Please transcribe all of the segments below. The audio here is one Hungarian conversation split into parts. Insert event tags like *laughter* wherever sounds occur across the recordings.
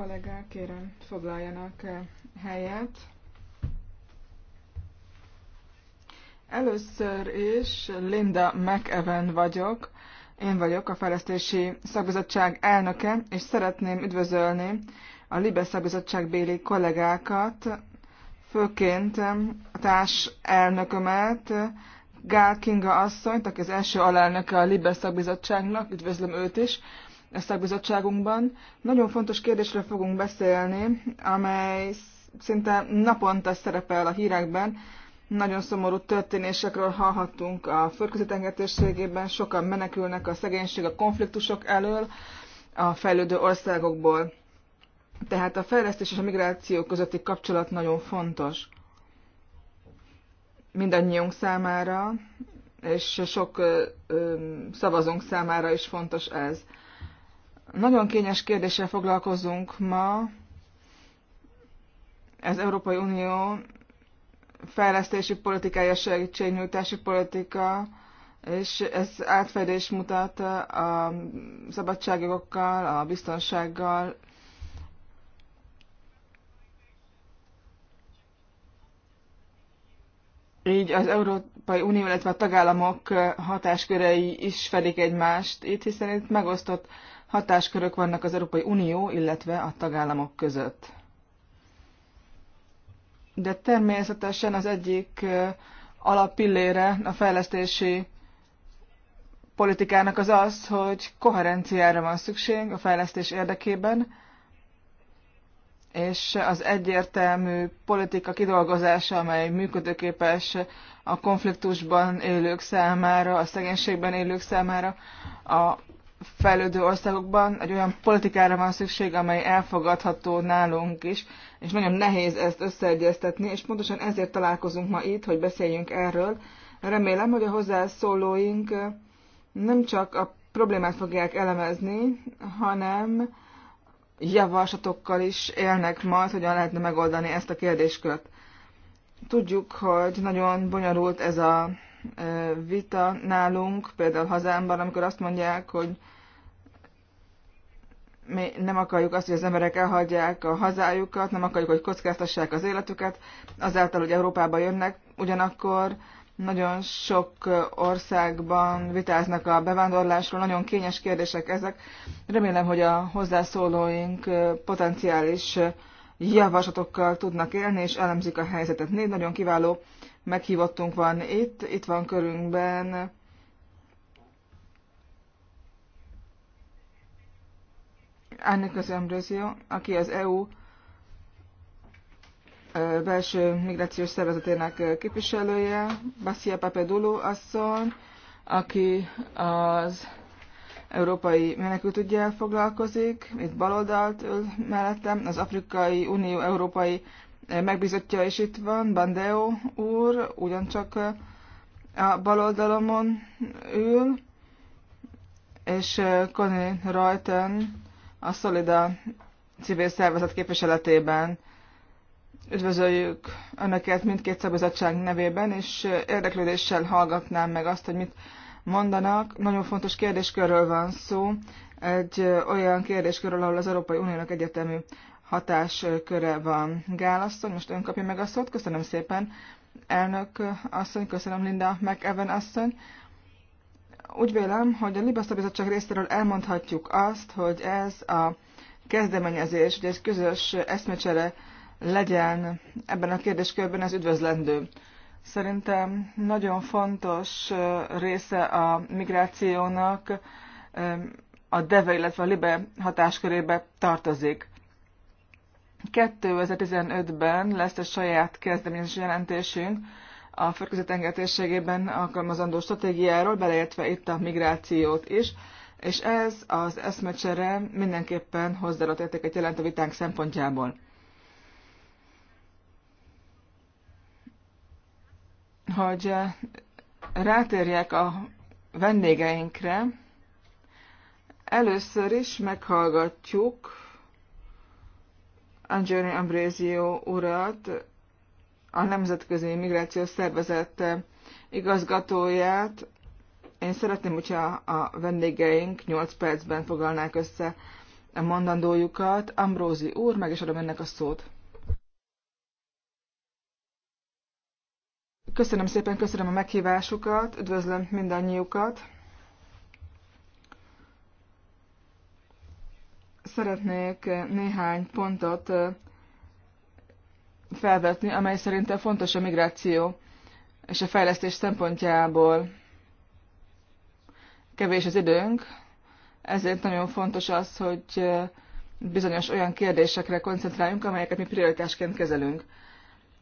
Kollégák, kérem, foglaljanak eh, helyet. Először is Linda McEwen vagyok. Én vagyok a Fejlesztési Szakbizottság elnöke, és szeretném üdvözölni a Libe Szakbizottság béli kollégákat, főként eh, a társ elnökömet, Gál Kinga asszonyt, aki az első alelnöke a Libe Szakbizottságnak, üdvözlöm őt is, a szakbizottságunkban. Nagyon fontos kérdésről fogunk beszélni, amely szinte naponta szerepel a hírekben. Nagyon szomorú történésekről hallhattunk a földközi tengertérségében, sokan menekülnek a szegénység, a konfliktusok elől a fejlődő országokból. Tehát a fejlesztés és a migráció közötti kapcsolat nagyon fontos mindannyiunk számára, és sok szavazónk számára is fontos ez. Nagyon kényes kérdéssel foglalkozunk ma. Ez Európai Unió fejlesztési politikája, segítségnyújtási politika, és ez átfedés mutat a szabadságokkal, a biztonsággal. Így az Európai Unió, illetve a tagállamok hatáskörei is fedik egymást itt, hiszen itt megosztott hatáskörök vannak az Európai Unió, illetve a tagállamok között. De természetesen az egyik alapillére a fejlesztési politikának az az, hogy koherenciára van szükség a fejlesztés érdekében, és az egyértelmű politika kidolgozása, amely működőképes a konfliktusban élők számára, a szegénységben élők számára, a fejlődő országokban egy olyan politikára van szükség, amely elfogadható nálunk is, és nagyon nehéz ezt összeegyeztetni, és pontosan ezért találkozunk ma itt, hogy beszéljünk erről. Remélem, hogy a hozzászólóink nem csak a problémát fogják elemezni, hanem javaslatokkal is élnek majd, hogyan lehetne megoldani ezt a kérdéskört. Tudjuk, hogy nagyon bonyolult ez a vita nálunk, például hazámban, amikor azt mondják, hogy mi nem akarjuk azt, hogy az emberek elhagyják a hazájukat, nem akarjuk, hogy kockáztassák az életüket, azáltal, hogy Európába jönnek, ugyanakkor nagyon sok országban vitáznak a bevándorlásról, nagyon kényes kérdések ezek. Remélem, hogy a hozzászólóink potenciális javaslatokkal tudnak élni, és elemzik a helyzetet. Négy nagyon kiváló meghívottunk van itt, itt van körünkben az Ambrosio, aki az EU belső migrációs szervezetének képviselője, Basia Papadoulou asszony, aki az európai menekültügyel foglalkozik, itt baloldalt ül mellettem, az Afrikai Unió Európai megbízottja is itt van, Bandeo úr, ugyancsak a baloldalomon ül, és Connie Reuten a Szolida civil szervezet képviseletében. Üdvözöljük Önöket mindkét szabadság nevében, és érdeklődéssel hallgatnám meg azt, hogy mit mondanak. Nagyon fontos kérdéskörről van szó, egy olyan kérdéskörről, ahol az Európai Uniónak egyetemű hatásköre van. Gál asszony, most ön kapja meg a szót. Köszönöm szépen, elnök asszony, köszönöm Linda meg Evan asszony. Úgy vélem, hogy a Libaszta Bizottság részéről elmondhatjuk azt, hogy ez a kezdeményezés, hogy egy közös eszmecsere legyen ebben a kérdéskörben, ez üdvözlendő. Szerintem nagyon fontos része a migrációnak a DEVE, illetve a LIBE hatáskörébe tartozik. 2015-ben lesz a saját kezdeményezés jelentésünk a földközi térségében alkalmazandó stratégiáról, beleértve itt a migrációt is, és ez az eszmecsere mindenképpen hozzáadott értéket jelent a vitánk szempontjából. Hogy eh, rátérjek a vendégeinkre, először is meghallgatjuk Angioni Ambrézió urat, a Nemzetközi Migrációs Szervezet eh, igazgatóját. Én szeretném, hogyha a vendégeink 8 percben fogalnák össze a mondandójukat. Ambrózi úr, meg is adom ennek a szót. Köszönöm szépen, köszönöm a meghívásukat, üdvözlöm mindannyiukat. Szeretnék eh, néhány pontot eh, felvetni, amely szerintem fontos a migráció és a fejlesztés szempontjából. Kevés az időnk, ezért nagyon fontos az, hogy bizonyos olyan kérdésekre koncentráljunk, amelyeket mi prioritásként kezelünk.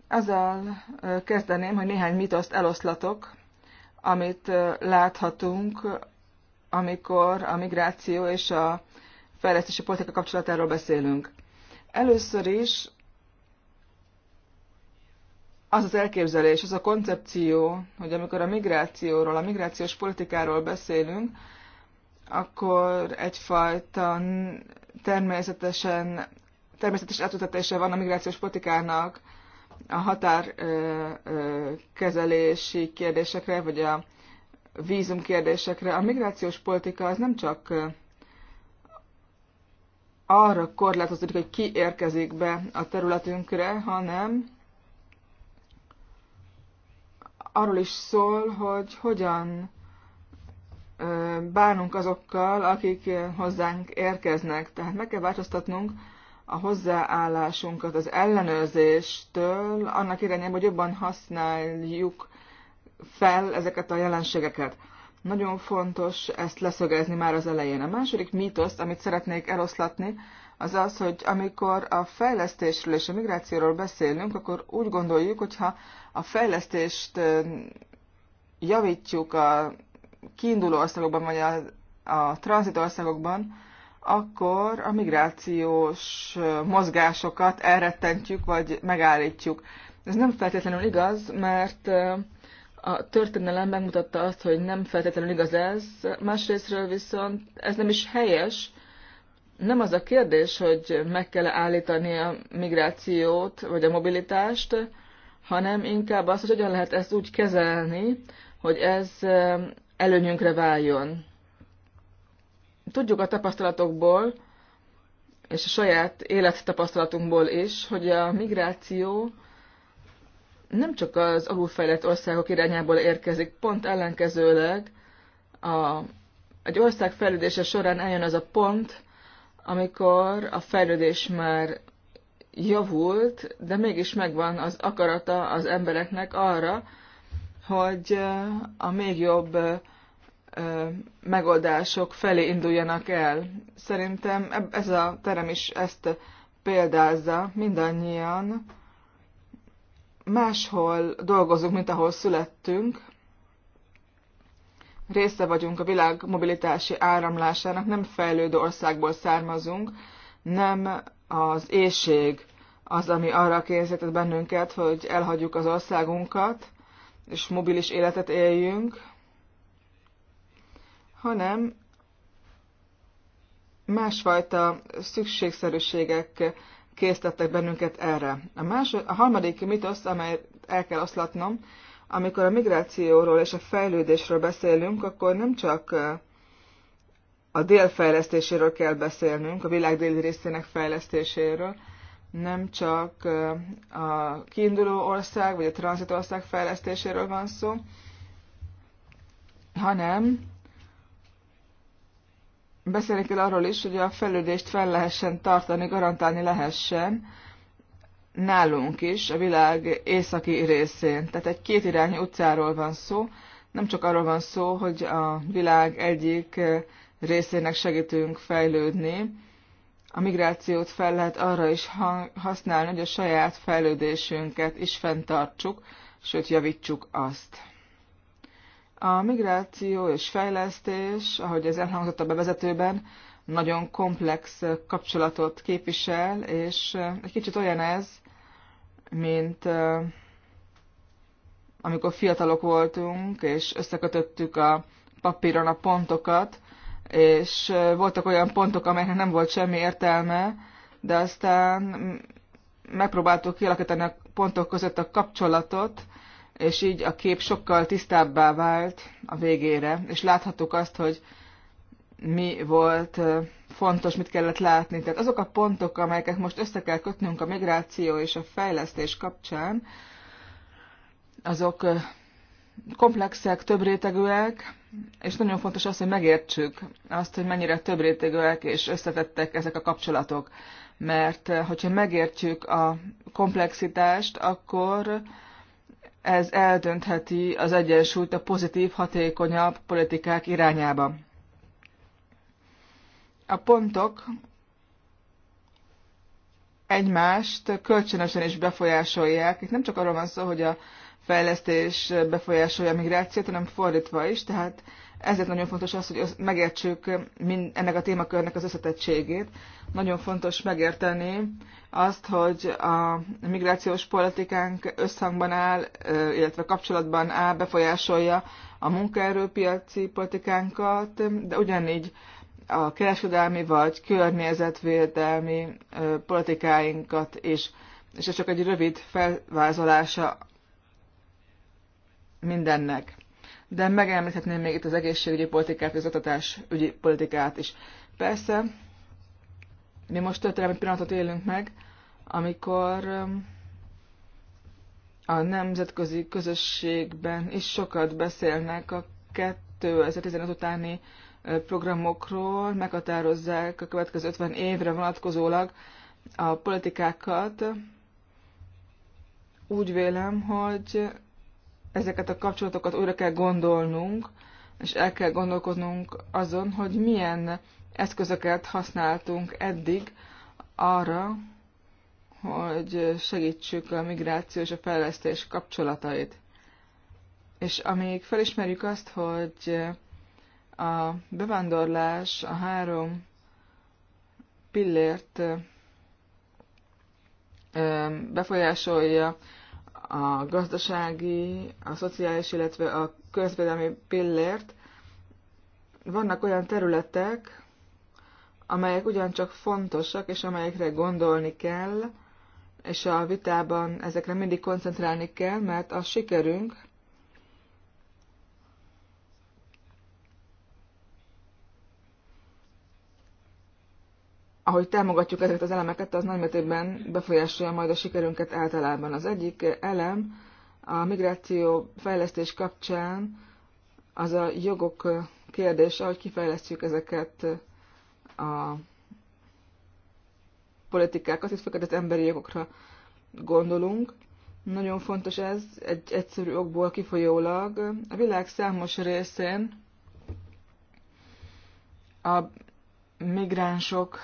Azzal kezdeném, hogy néhány mitoszt eloszlatok, amit láthatunk, amikor a migráció és a fejlesztési politika kapcsolatáról beszélünk. Először is az az elképzelés, az a koncepció, hogy amikor a migrációról, a migrációs politikáról beszélünk, akkor egyfajta természetesen, természetes átutatása van a migrációs politikának a határkezelési kérdésekre, vagy a vízum kérdésekre. A migrációs politika az nem csak arra korlátozódik, hogy ki érkezik be a területünkre, hanem arról is szól, hogy hogyan bánunk azokkal, akik hozzánk érkeznek. Tehát meg kell változtatnunk a hozzáállásunkat az ellenőrzéstől, annak irányában, hogy jobban használjuk fel ezeket a jelenségeket. Nagyon fontos ezt leszögezni már az elején. A második mítoszt, amit szeretnék eloszlatni, az az, hogy amikor a fejlesztésről és a migrációról beszélünk, akkor úgy gondoljuk, hogyha a fejlesztést javítjuk a kiinduló országokban, vagy a, a tranzit országokban, akkor a migrációs mozgásokat elrettentjük, vagy megállítjuk. Ez nem feltétlenül igaz, mert a történelem megmutatta azt, hogy nem feltétlenül igaz ez, másrésztről viszont ez nem is helyes, nem az a kérdés, hogy meg kell -e állítani a migrációt vagy a mobilitást, hanem inkább az, hogy hogyan lehet ezt úgy kezelni, hogy ez előnyünkre váljon. Tudjuk a tapasztalatokból, és a saját élettapasztalatunkból is, hogy a migráció nem csak az alulfejlett országok irányából érkezik, pont ellenkezőleg a, egy ország fejlődése során eljön az a pont, amikor a fejlődés már javult, de mégis megvan az akarata az embereknek arra, hogy a még jobb megoldások felé induljanak el. Szerintem ez a terem is ezt példázza mindannyian. Máshol dolgozunk, mint ahol születtünk, része vagyunk a világ mobilitási áramlásának, nem fejlődő országból származunk, nem az éjség az, ami arra kényszerített bennünket, hogy elhagyjuk az országunkat, és mobilis életet éljünk, hanem másfajta szükségszerűségek készítettek bennünket erre. A, másod, a harmadik mitosz, amelyet el kell oszlatnom, amikor a migrációról és a fejlődésről beszélünk, akkor nem csak a délfejlesztéséről kell beszélnünk, a világ déli részének fejlesztéséről, nem csak a kiinduló ország vagy a ország fejlesztéséről van szó, hanem beszélni kell arról is, hogy a fejlődést fel lehessen tartani, garantálni lehessen, nálunk is, a világ északi részén. Tehát egy kétirányú utcáról van szó, nem csak arról van szó, hogy a világ egyik eh, részének segítünk fejlődni, a migrációt fel lehet arra is használni, hogy a saját fejlődésünket is fenntartsuk, sőt javítsuk azt. A migráció és fejlesztés, ahogy ez elhangzott a bevezetőben, nagyon komplex kapcsolatot képvisel, és eh, egy kicsit olyan ez, mint amikor fiatalok voltunk, és összekötöttük a papíron a pontokat, és voltak olyan pontok, amelyeknek nem volt semmi értelme, de aztán megpróbáltuk kialakítani a pontok között a kapcsolatot, és így a kép sokkal tisztábbá vált a végére, és láthattuk azt, hogy mi volt fontos, mit kellett látni. Tehát azok a pontok, amelyeket most össze kell kötnünk a migráció és a fejlesztés kapcsán, azok komplexek, többrétegűek, és nagyon fontos az, hogy megértsük azt, hogy mennyire többrétegűek és összetettek ezek a kapcsolatok. Mert hogyha megértjük a komplexitást, akkor ez eldöntheti az egyensúlyt a pozitív, hatékonyabb politikák irányába a pontok egymást kölcsönösen is befolyásolják. Itt nem csak arról van szó, hogy a fejlesztés befolyásolja a migrációt, hanem fordítva is, tehát ezért nagyon fontos az, hogy megértsük ennek a témakörnek az összetettségét. Nagyon fontos megérteni azt, hogy a migrációs politikánk összhangban áll, illetve kapcsolatban áll, befolyásolja a munkaerőpiaci politikánkat, de ugyanígy a kereskedelmi vagy környezetvédelmi politikáinkat is. És ez csak egy rövid felvázolása mindennek. De megemlíthetném még itt az egészségügyi politikát, az oktatásügyi politikát is. Persze, mi most történelmi pillanatot élünk meg, amikor a nemzetközi közösségben is sokat beszélnek a 2015 utáni programokról, meghatározzák a következő 50 évre vonatkozólag a politikákat. Úgy vélem, hogy ezeket a kapcsolatokat újra kell gondolnunk, és el kell gondolkodnunk azon, hogy milyen eszközöket használtunk eddig arra, hogy segítsük a migráció és a fejlesztés kapcsolatait. És amíg felismerjük azt, hogy a bevándorlás a három pillért befolyásolja a gazdasági, a szociális, illetve a közvédelmi pillért. Vannak olyan területek, amelyek ugyancsak fontosak, és amelyekre gondolni kell, és a vitában ezekre mindig koncentrálni kell, mert a sikerünk ahogy támogatjuk ezeket az elemeket, az nagymértékben befolyásolja majd a sikerünket általában. Az egyik elem a migráció fejlesztés kapcsán az a jogok kérdése, hogy kifejlesztjük ezeket a politikákat, itt főleg az emberi jogokra gondolunk. Nagyon fontos ez, egy egyszerű okból kifolyólag. A világ számos részén a migránsok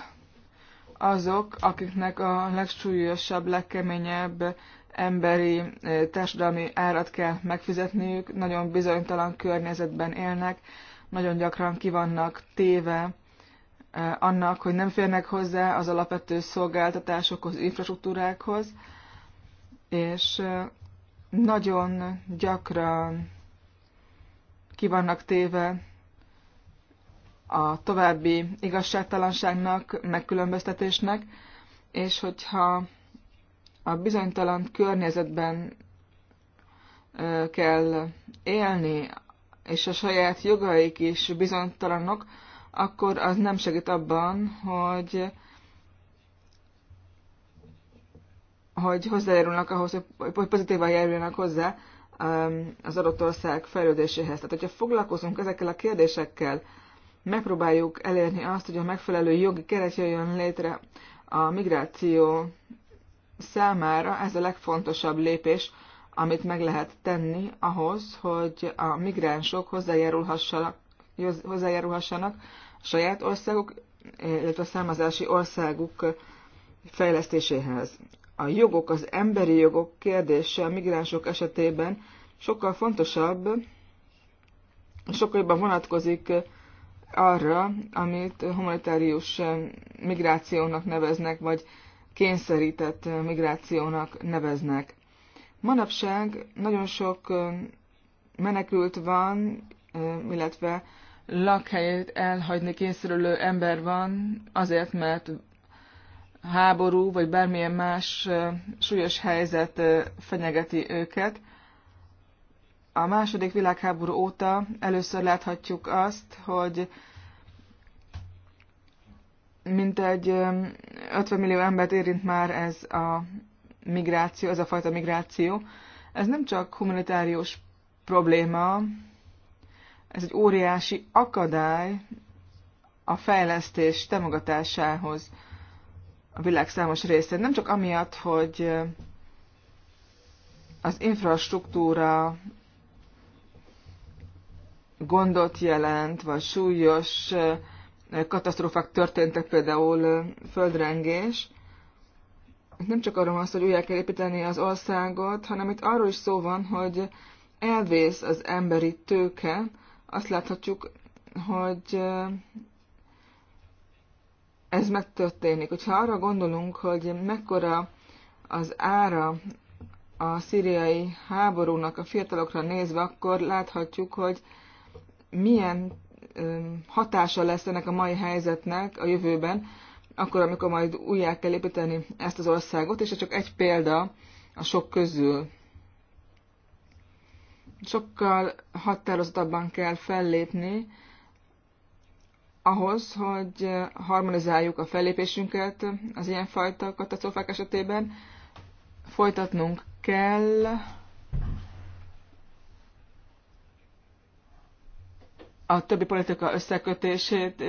azok, akiknek a legsúlyosabb, legkeményebb emberi, eh, társadalmi árat kell megfizetniük, nagyon bizonytalan környezetben élnek, nagyon gyakran kivannak téve eh, annak, hogy nem férnek hozzá az alapvető szolgáltatásokhoz, infrastruktúrákhoz, és eh, nagyon gyakran kivannak téve a további igazságtalanságnak, megkülönböztetésnek, és hogyha a bizonytalan környezetben kell élni, és a saját jogaik is bizonytalanok, akkor az nem segít abban, hogy hogy hozzájárulnak ahhoz, hogy pozitívan járuljanak hozzá az adott ország fejlődéséhez. Tehát, hogyha foglalkozunk ezekkel a kérdésekkel, megpróbáljuk elérni azt, hogy a megfelelő jogi keret jöjjön létre a migráció számára, ez a legfontosabb lépés, amit meg lehet tenni ahhoz, hogy a migránsok hozzájárulhassanak, hozzájárulhassanak a saját országuk, illetve a származási országuk fejlesztéséhez. A jogok, az emberi jogok kérdése a migránsok esetében sokkal fontosabb, sokkal jobban vonatkozik arra, amit humanitárius migrációnak neveznek, vagy kényszerített migrációnak neveznek. Manapság nagyon sok menekült van, illetve lakhelyét elhagyni kényszerülő ember van, azért, mert háború vagy bármilyen más súlyos helyzet fenyegeti őket. A második világháború óta először láthatjuk azt, hogy mintegy 50 millió embert érint már ez a migráció, ez a fajta migráció. Ez nem csak humanitárius probléma, ez egy óriási akadály a fejlesztés támogatásához a világ számos részén. Nem csak amiatt, hogy az infrastruktúra gondot jelent, vagy súlyos katasztrófák történtek, például földrengés. nem csak arról van szó, hogy újjá kell építeni az országot, hanem itt arról is szó van, hogy elvész az emberi tőke. Azt láthatjuk, hogy ez megtörténik. Hogyha arra gondolunk, hogy mekkora az ára a szíriai háborúnak a fiatalokra nézve, akkor láthatjuk, hogy milyen hatása lesz ennek a mai helyzetnek a jövőben, akkor, amikor majd újjá kell építeni ezt az országot, és ez csak egy példa a sok közül. Sokkal határozottabban kell fellépni ahhoz, hogy harmonizáljuk a fellépésünket az ilyenfajta katasztrófák esetében. Folytatnunk kell a többi politika összekötését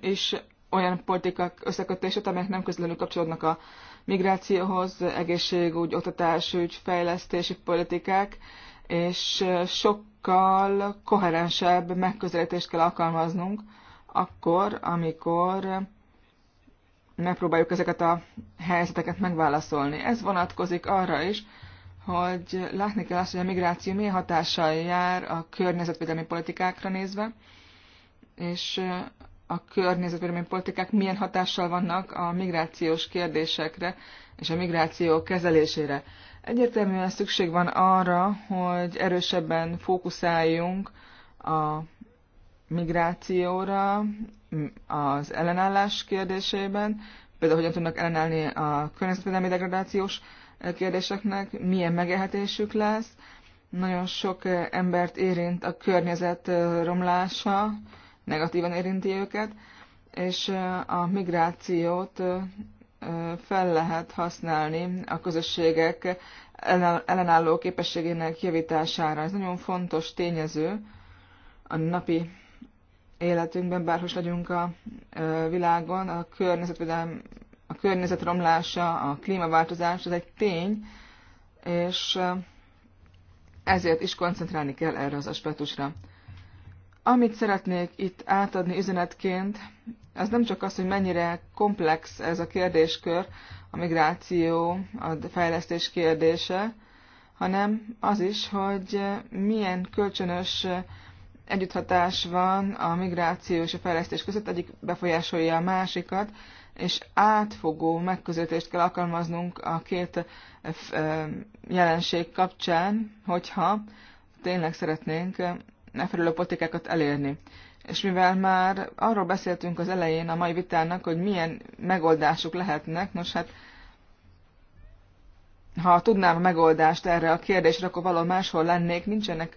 is olyan politikák összekötését, amelyek nem közlenül kapcsolódnak a migrációhoz, egészségügy, oktatásügy, fejlesztési politikák, és sokkal koherensebb megközelítést kell alkalmaznunk akkor, amikor megpróbáljuk ezeket a helyzeteket megválaszolni. Ez vonatkozik arra is, hogy látni kell azt, hogy a migráció milyen hatással jár a környezetvédelmi politikákra nézve, és a környezetvédelmi politikák milyen hatással vannak a migrációs kérdésekre és a migráció kezelésére. Egyértelműen szükség van arra, hogy erősebben fókuszáljunk a migrációra, az ellenállás kérdésében, például hogyan tudnak ellenállni a környezetvédelmi degradációs kérdéseknek, milyen megehetésük lesz. Nagyon sok eh, embert érint a környezet eh, romlása, negatívan érinti őket, és eh, a migrációt fel lehet használni a közösségek ellenálló képességének javítására. Ez nagyon fontos tényező a napi életünkben, bárhol legyünk a világon, a környezetvédelem a környezet romlása, a klímaváltozás, ez egy tény, és eh, ezért is koncentrálni kell erre az aspektusra. Amit szeretnék itt átadni üzenetként, az nem csak az, hogy mennyire komplex ez a kérdéskör, a migráció, a fejlesztés kérdése, hanem az is, hogy eh, milyen kölcsönös eh, együtthatás van a migráció és a fejlesztés között, egyik befolyásolja a másikat, és átfogó megközelítést kell alkalmaznunk a két jelenség kapcsán, hogyha tényleg szeretnénk megfelelő politikákat elérni. És mivel már arról beszéltünk az elején a mai vitának, hogy milyen megoldások lehetnek, nos hát ha tudnám a megoldást erre a kérdésre, akkor valahol máshol lennék, nincsenek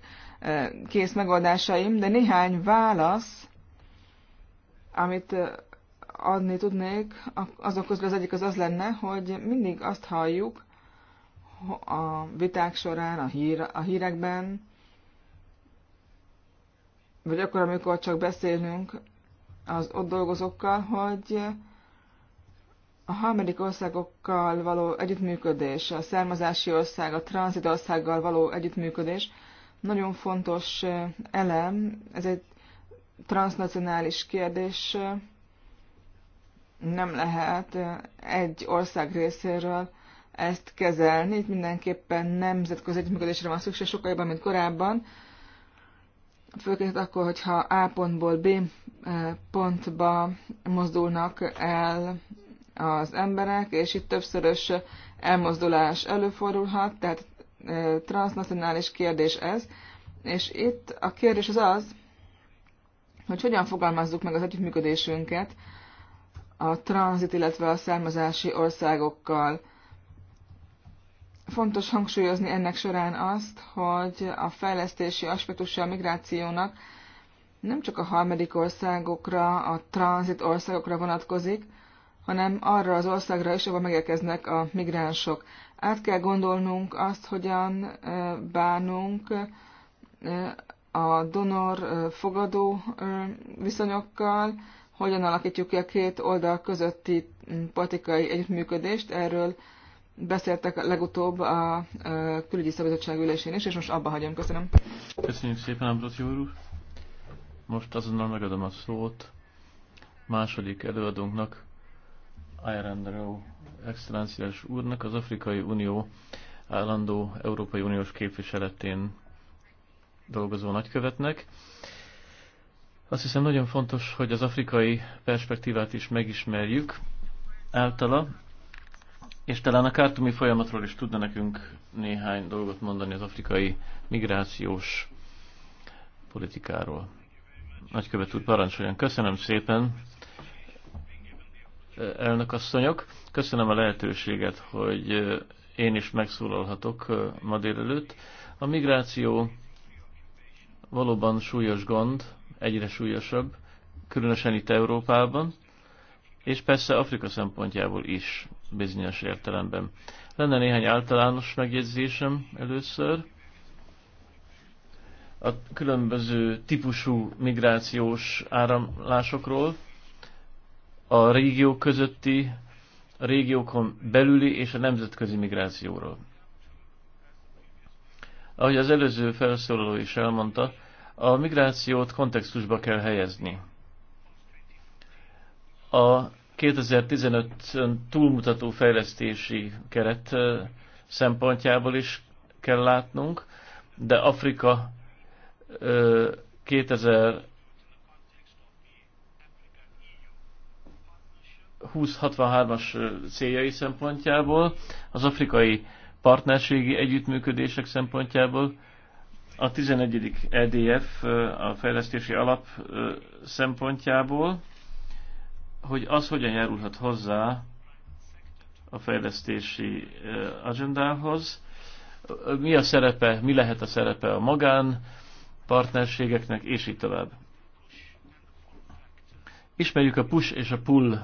kész megoldásaim, de néhány válasz, amit adni tudnék, azok közül az egyik az az lenne, hogy mindig azt halljuk a viták során, a, hír, a hírekben, vagy akkor, amikor csak beszélünk az ott dolgozókkal, hogy a harmadik országokkal való együttműködés, a származási ország, a országgal való együttműködés nagyon fontos eh, elem, ez egy transnacionális kérdés eh, nem lehet egy ország részéről ezt kezelni, itt mindenképpen nemzetközi együttműködésre van szükség sokkal jobban, mint korábban, főként akkor, hogyha A pontból B pontba mozdulnak el az emberek, és itt többszörös elmozdulás előfordulhat, tehát transnacionális kérdés ez, és itt a kérdés az az, hogy hogyan fogalmazzuk meg az együttműködésünket a tranzit, illetve a származási országokkal. Fontos hangsúlyozni ennek során azt, hogy a fejlesztési aspektusa a migrációnak nem csak a harmadik országokra, a tranzit országokra vonatkozik, hanem arra az országra is, ahol megérkeznek a migránsok. Át kell gondolnunk azt, hogyan bánunk a donor fogadó viszonyokkal, hogyan alakítjuk ki a két oldal közötti politikai együttműködést. Erről beszéltek legutóbb a külügyi szabadság ülésén is, és most abba hagyom. Köszönöm. Köszönjük szépen, Ambrosio úr. Most azonnal megadom a szót második előadónknak, Irandro excellenciás úrnak, az Afrikai Unió állandó Európai Uniós képviseletén dolgozó nagykövetnek. Azt hiszem nagyon fontos, hogy az afrikai perspektívát is megismerjük általa, és talán a kártumi folyamatról is tudna nekünk néhány dolgot mondani az afrikai migrációs politikáról. Nagykövet úr, parancsoljon. Köszönöm szépen, asszonyok. Köszönöm a lehetőséget, hogy én is megszólalhatok ma délelőtt. A migráció valóban súlyos gond, egyre súlyosabb, különösen itt Európában, és persze Afrika szempontjából is bizonyos értelemben. Lenne néhány általános megjegyzésem először. A különböző típusú migrációs áramlásokról, a régiók közötti, a régiókon belüli és a nemzetközi migrációról. Ahogy az előző felszólaló is elmondta, a migrációt kontextusba kell helyezni. A 2015 túlmutató fejlesztési keret szempontjából is kell látnunk, de Afrika 2063-as céljai szempontjából, az afrikai partnerségi együttműködések szempontjából, a 11. EDF, a fejlesztési alap szempontjából, hogy az hogyan járulhat hozzá a fejlesztési agendához, mi a szerepe, mi lehet a szerepe a magán partnerségeknek, és így tovább. Ismerjük a push és a pull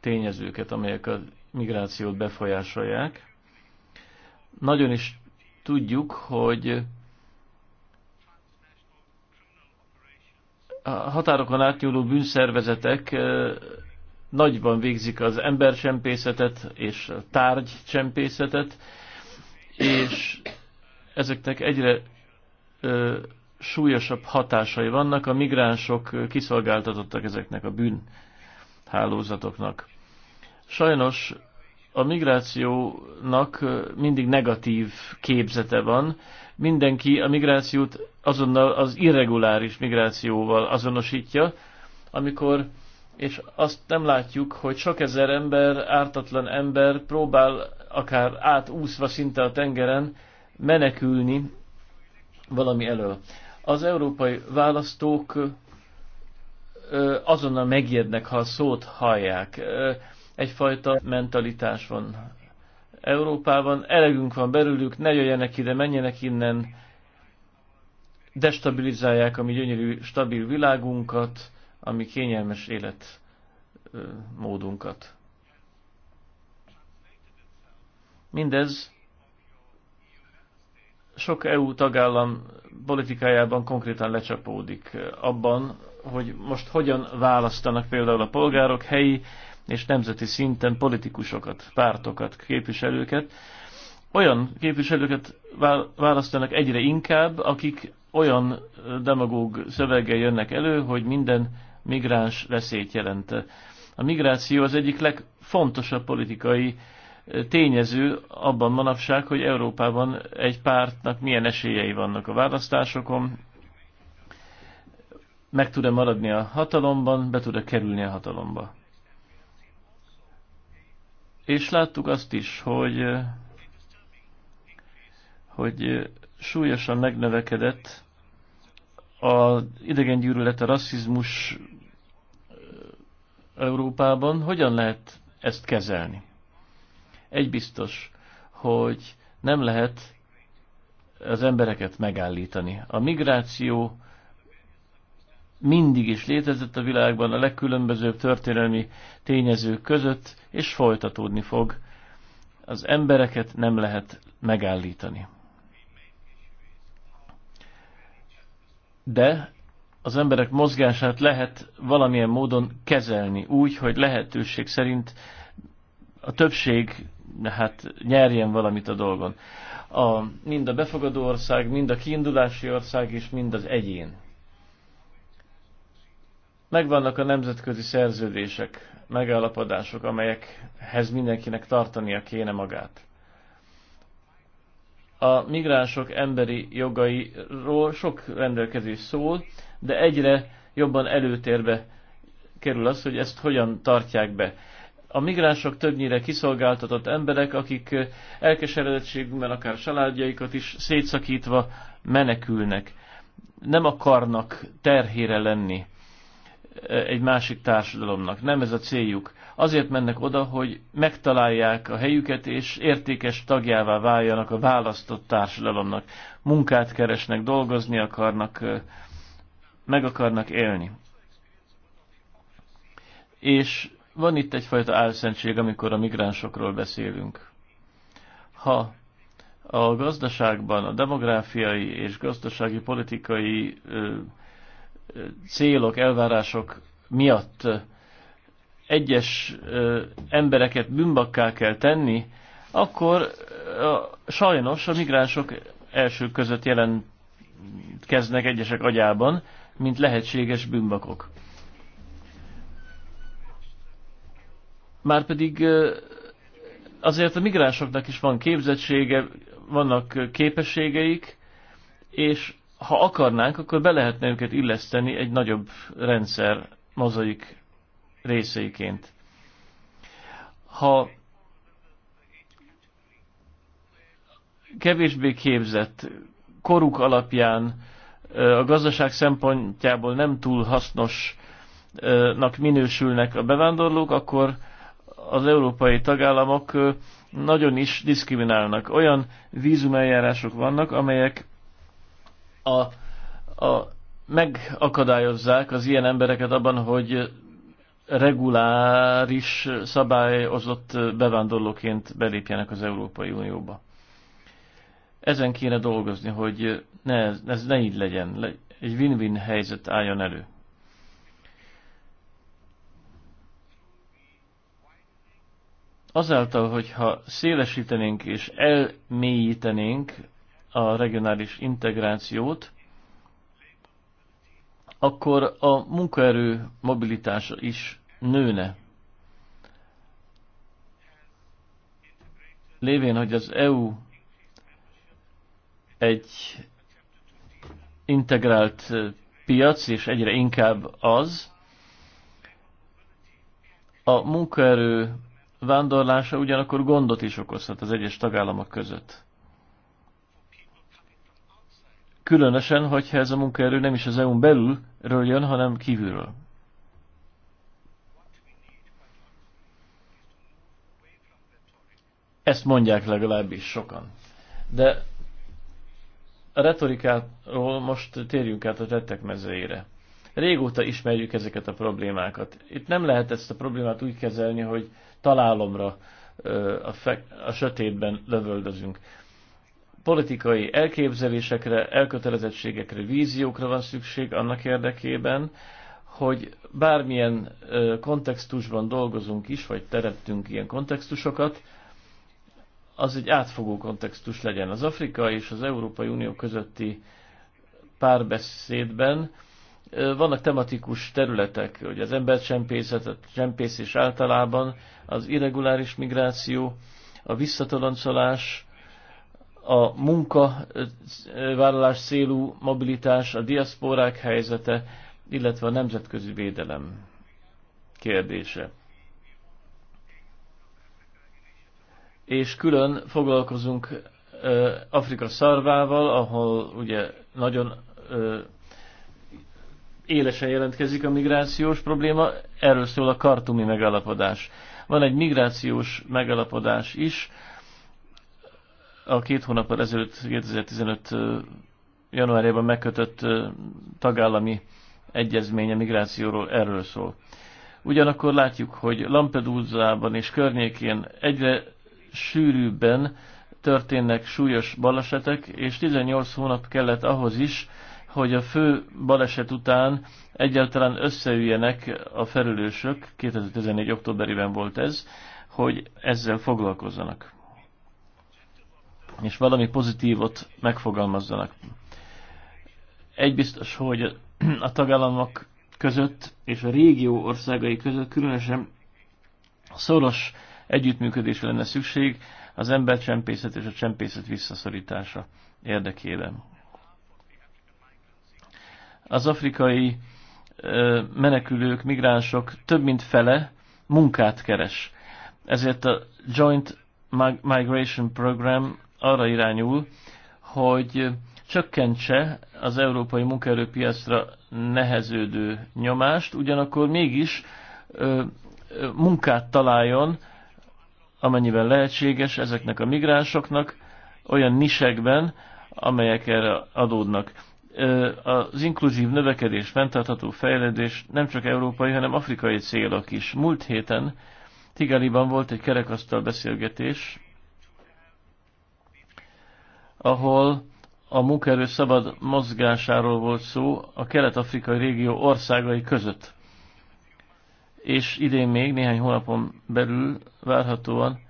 tényezőket, amelyek a migrációt befolyásolják. Nagyon is tudjuk, hogy a határokon átnyúló bűnszervezetek nagyban végzik az embercsempészetet és a tárgycsempészetet, és ezeknek egyre ö, súlyosabb hatásai vannak, a migránsok kiszolgáltatottak ezeknek a bűnhálózatoknak. Sajnos a migrációnak mindig negatív képzete van. Mindenki a migrációt azonnal az irreguláris migrációval azonosítja, amikor és azt nem látjuk, hogy sok ezer ember, ártatlan ember próbál akár átúszva szinte a tengeren menekülni valami elől. Az európai választók azonnal megijednek, ha a szót hallják egyfajta mentalitás van Európában, elegünk van belőlük, ne jöjjenek ide, menjenek innen, destabilizálják a mi gyönyörű, stabil világunkat, a mi kényelmes életmódunkat. Mindez sok EU tagállam politikájában konkrétan lecsapódik abban, hogy most hogyan választanak például a polgárok helyi és nemzeti szinten politikusokat, pártokat, képviselőket. Olyan képviselőket választanak egyre inkább, akik olyan demagóg szöveggel jönnek elő, hogy minden migráns veszélyt jelent. A migráció az egyik legfontosabb politikai tényező abban manapság, hogy Európában egy pártnak milyen esélyei vannak a választásokon, meg tud-e maradni a hatalomban, be tud-e kerülni a hatalomba. És láttuk azt is, hogy, hogy súlyosan megnövekedett az idegengyűlölet, a rasszizmus Európában. Hogyan lehet ezt kezelni? Egy biztos, hogy nem lehet az embereket megállítani. A migráció mindig is létezett a világban a legkülönbözőbb történelmi tényezők között, és folytatódni fog. Az embereket nem lehet megállítani. De az emberek mozgását lehet valamilyen módon kezelni, úgy, hogy lehetőség szerint a többség hát nyerjen valamit a dolgon. A, mind a befogadó ország, mind a kiindulási ország, és mind az egyén. Megvannak a nemzetközi szerződések, megállapodások, amelyekhez mindenkinek tartania kéne magát. A migránsok emberi jogairól sok rendelkezés szól, de egyre jobban előtérbe kerül az, hogy ezt hogyan tartják be. A migránsok többnyire kiszolgáltatott emberek, akik elkeseredettségben akár családjaikat is szétszakítva menekülnek. Nem akarnak terhére lenni egy másik társadalomnak. Nem ez a céljuk. Azért mennek oda, hogy megtalálják a helyüket, és értékes tagjává váljanak a választott társadalomnak. Munkát keresnek, dolgozni akarnak, meg akarnak élni. És van itt egyfajta álszentség, amikor a migránsokról beszélünk. Ha a gazdaságban a demográfiai és gazdasági politikai célok, elvárások miatt egyes embereket bűnbakká kell tenni, akkor sajnos a migránsok első között jelentkeznek egyesek agyában, mint lehetséges bűnbakok. Márpedig azért a migránsoknak is van képzettsége, vannak képességeik, és ha akarnánk, akkor be lehetne őket illeszteni egy nagyobb rendszer mozaik részeiként. Ha kevésbé képzett, koruk alapján, a gazdaság szempontjából nem túl hasznosnak minősülnek a bevándorlók, akkor az európai tagállamok nagyon is diszkriminálnak. Olyan vízumeljárások vannak, amelyek a, a, megakadályozzák az ilyen embereket abban, hogy reguláris, szabályozott bevándorlóként belépjenek az Európai Unióba. Ezen kéne dolgozni, hogy ne, ez ne így legyen, egy win-win helyzet álljon elő. Azáltal, hogyha szélesítenénk és elmélyítenénk a regionális integrációt, akkor a munkaerő mobilitása is nőne. Lévén, hogy az EU egy integrált piac, és egyre inkább az, a munkaerő vándorlása ugyanakkor gondot is okozhat az egyes tagállamok között. Különösen, hogyha ez a munkaerő nem is az EU-n belülről jön, hanem kívülről. Ezt mondják legalábbis sokan. De a retorikáról most térjünk át a tettek mezőjére. Régóta ismerjük ezeket a problémákat. Itt nem lehet ezt a problémát úgy kezelni, hogy találomra a, fe, a sötétben lövöldözünk politikai elképzelésekre, elkötelezettségekre, víziókra van szükség annak érdekében, hogy bármilyen kontextusban dolgozunk is, vagy teremtünk ilyen kontextusokat, az egy átfogó kontextus legyen. Az Afrika és az Európai Unió közötti párbeszédben vannak tematikus területek, hogy az embercsempészet, a csempészés általában, az irreguláris migráció, a visszatoloncolás, a munkavállalás célú mobilitás, a diaszporák helyzete, illetve a nemzetközi védelem kérdése. És külön foglalkozunk Afrika szarvával, ahol ugye nagyon élesen jelentkezik a migrációs probléma, erről szól a kartumi megállapodás. Van egy migrációs megállapodás is, a két hónappal ezelőtt 2015 januárjában megkötött tagállami egyezménye migrációról erről szól. Ugyanakkor látjuk, hogy Lampedúzában és környékén egyre sűrűbben történnek súlyos balesetek, és 18 hónap kellett ahhoz is, hogy a fő baleset után egyáltalán összeüljenek a felülősök, 2014. októberében volt ez, hogy ezzel foglalkozzanak és valami pozitívot megfogalmazzanak. Egy biztos, hogy a tagállamok között és a régió országai között különösen szoros együttműködésre lenne szükség az embercsempészet és a csempészet visszaszorítása érdekében. Az afrikai menekülők, migránsok több mint fele munkát keres. Ezért a Joint Migration Program arra irányul, hogy csökkentse az európai munkaerőpiacra neheződő nyomást, ugyanakkor mégis ö, ö, munkát találjon, amennyiben lehetséges ezeknek a migránsoknak, olyan nisekben, amelyek erre adódnak. Ö, az inkluzív növekedés, fenntartható fejlődés nem csak európai, hanem afrikai célok is. Múlt héten Tigaliban volt egy kerekasztal beszélgetés ahol a munkaerő szabad mozgásáról volt szó a kelet-afrikai régió országai között. És idén még, néhány hónapon belül várhatóan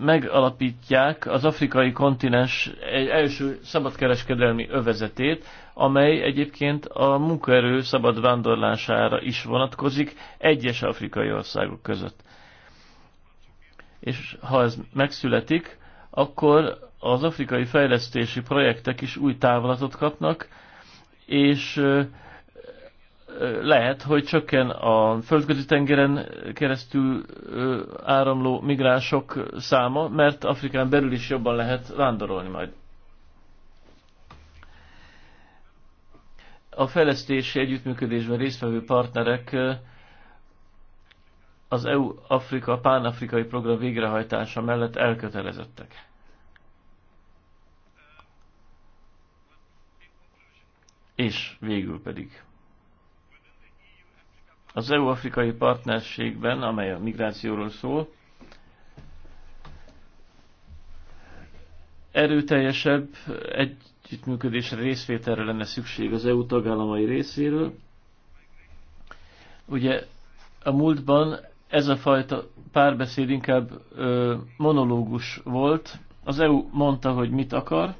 megalapítják az afrikai kontinens egy első szabadkereskedelmi övezetét, amely egyébként a munkaerő szabad vándorlására is vonatkozik egyes afrikai országok között. És ha ez megszületik, akkor az afrikai fejlesztési projektek is új távlatot kapnak, és lehet, hogy csökken a földközi tengeren keresztül áramló migránsok száma, mert Afrikán belül is jobban lehet vándorolni majd. A fejlesztési együttműködésben résztvevő partnerek az EU-Afrika pánafrikai program végrehajtása mellett elkötelezettek. És végül pedig az EU-afrikai partnerségben, amely a migrációról szól, erőteljesebb együttműködésre, részvételre lenne szükség az EU tagállamai részéről. Ugye a múltban ez a fajta párbeszéd inkább ö, monológus volt. Az EU mondta, hogy mit akar,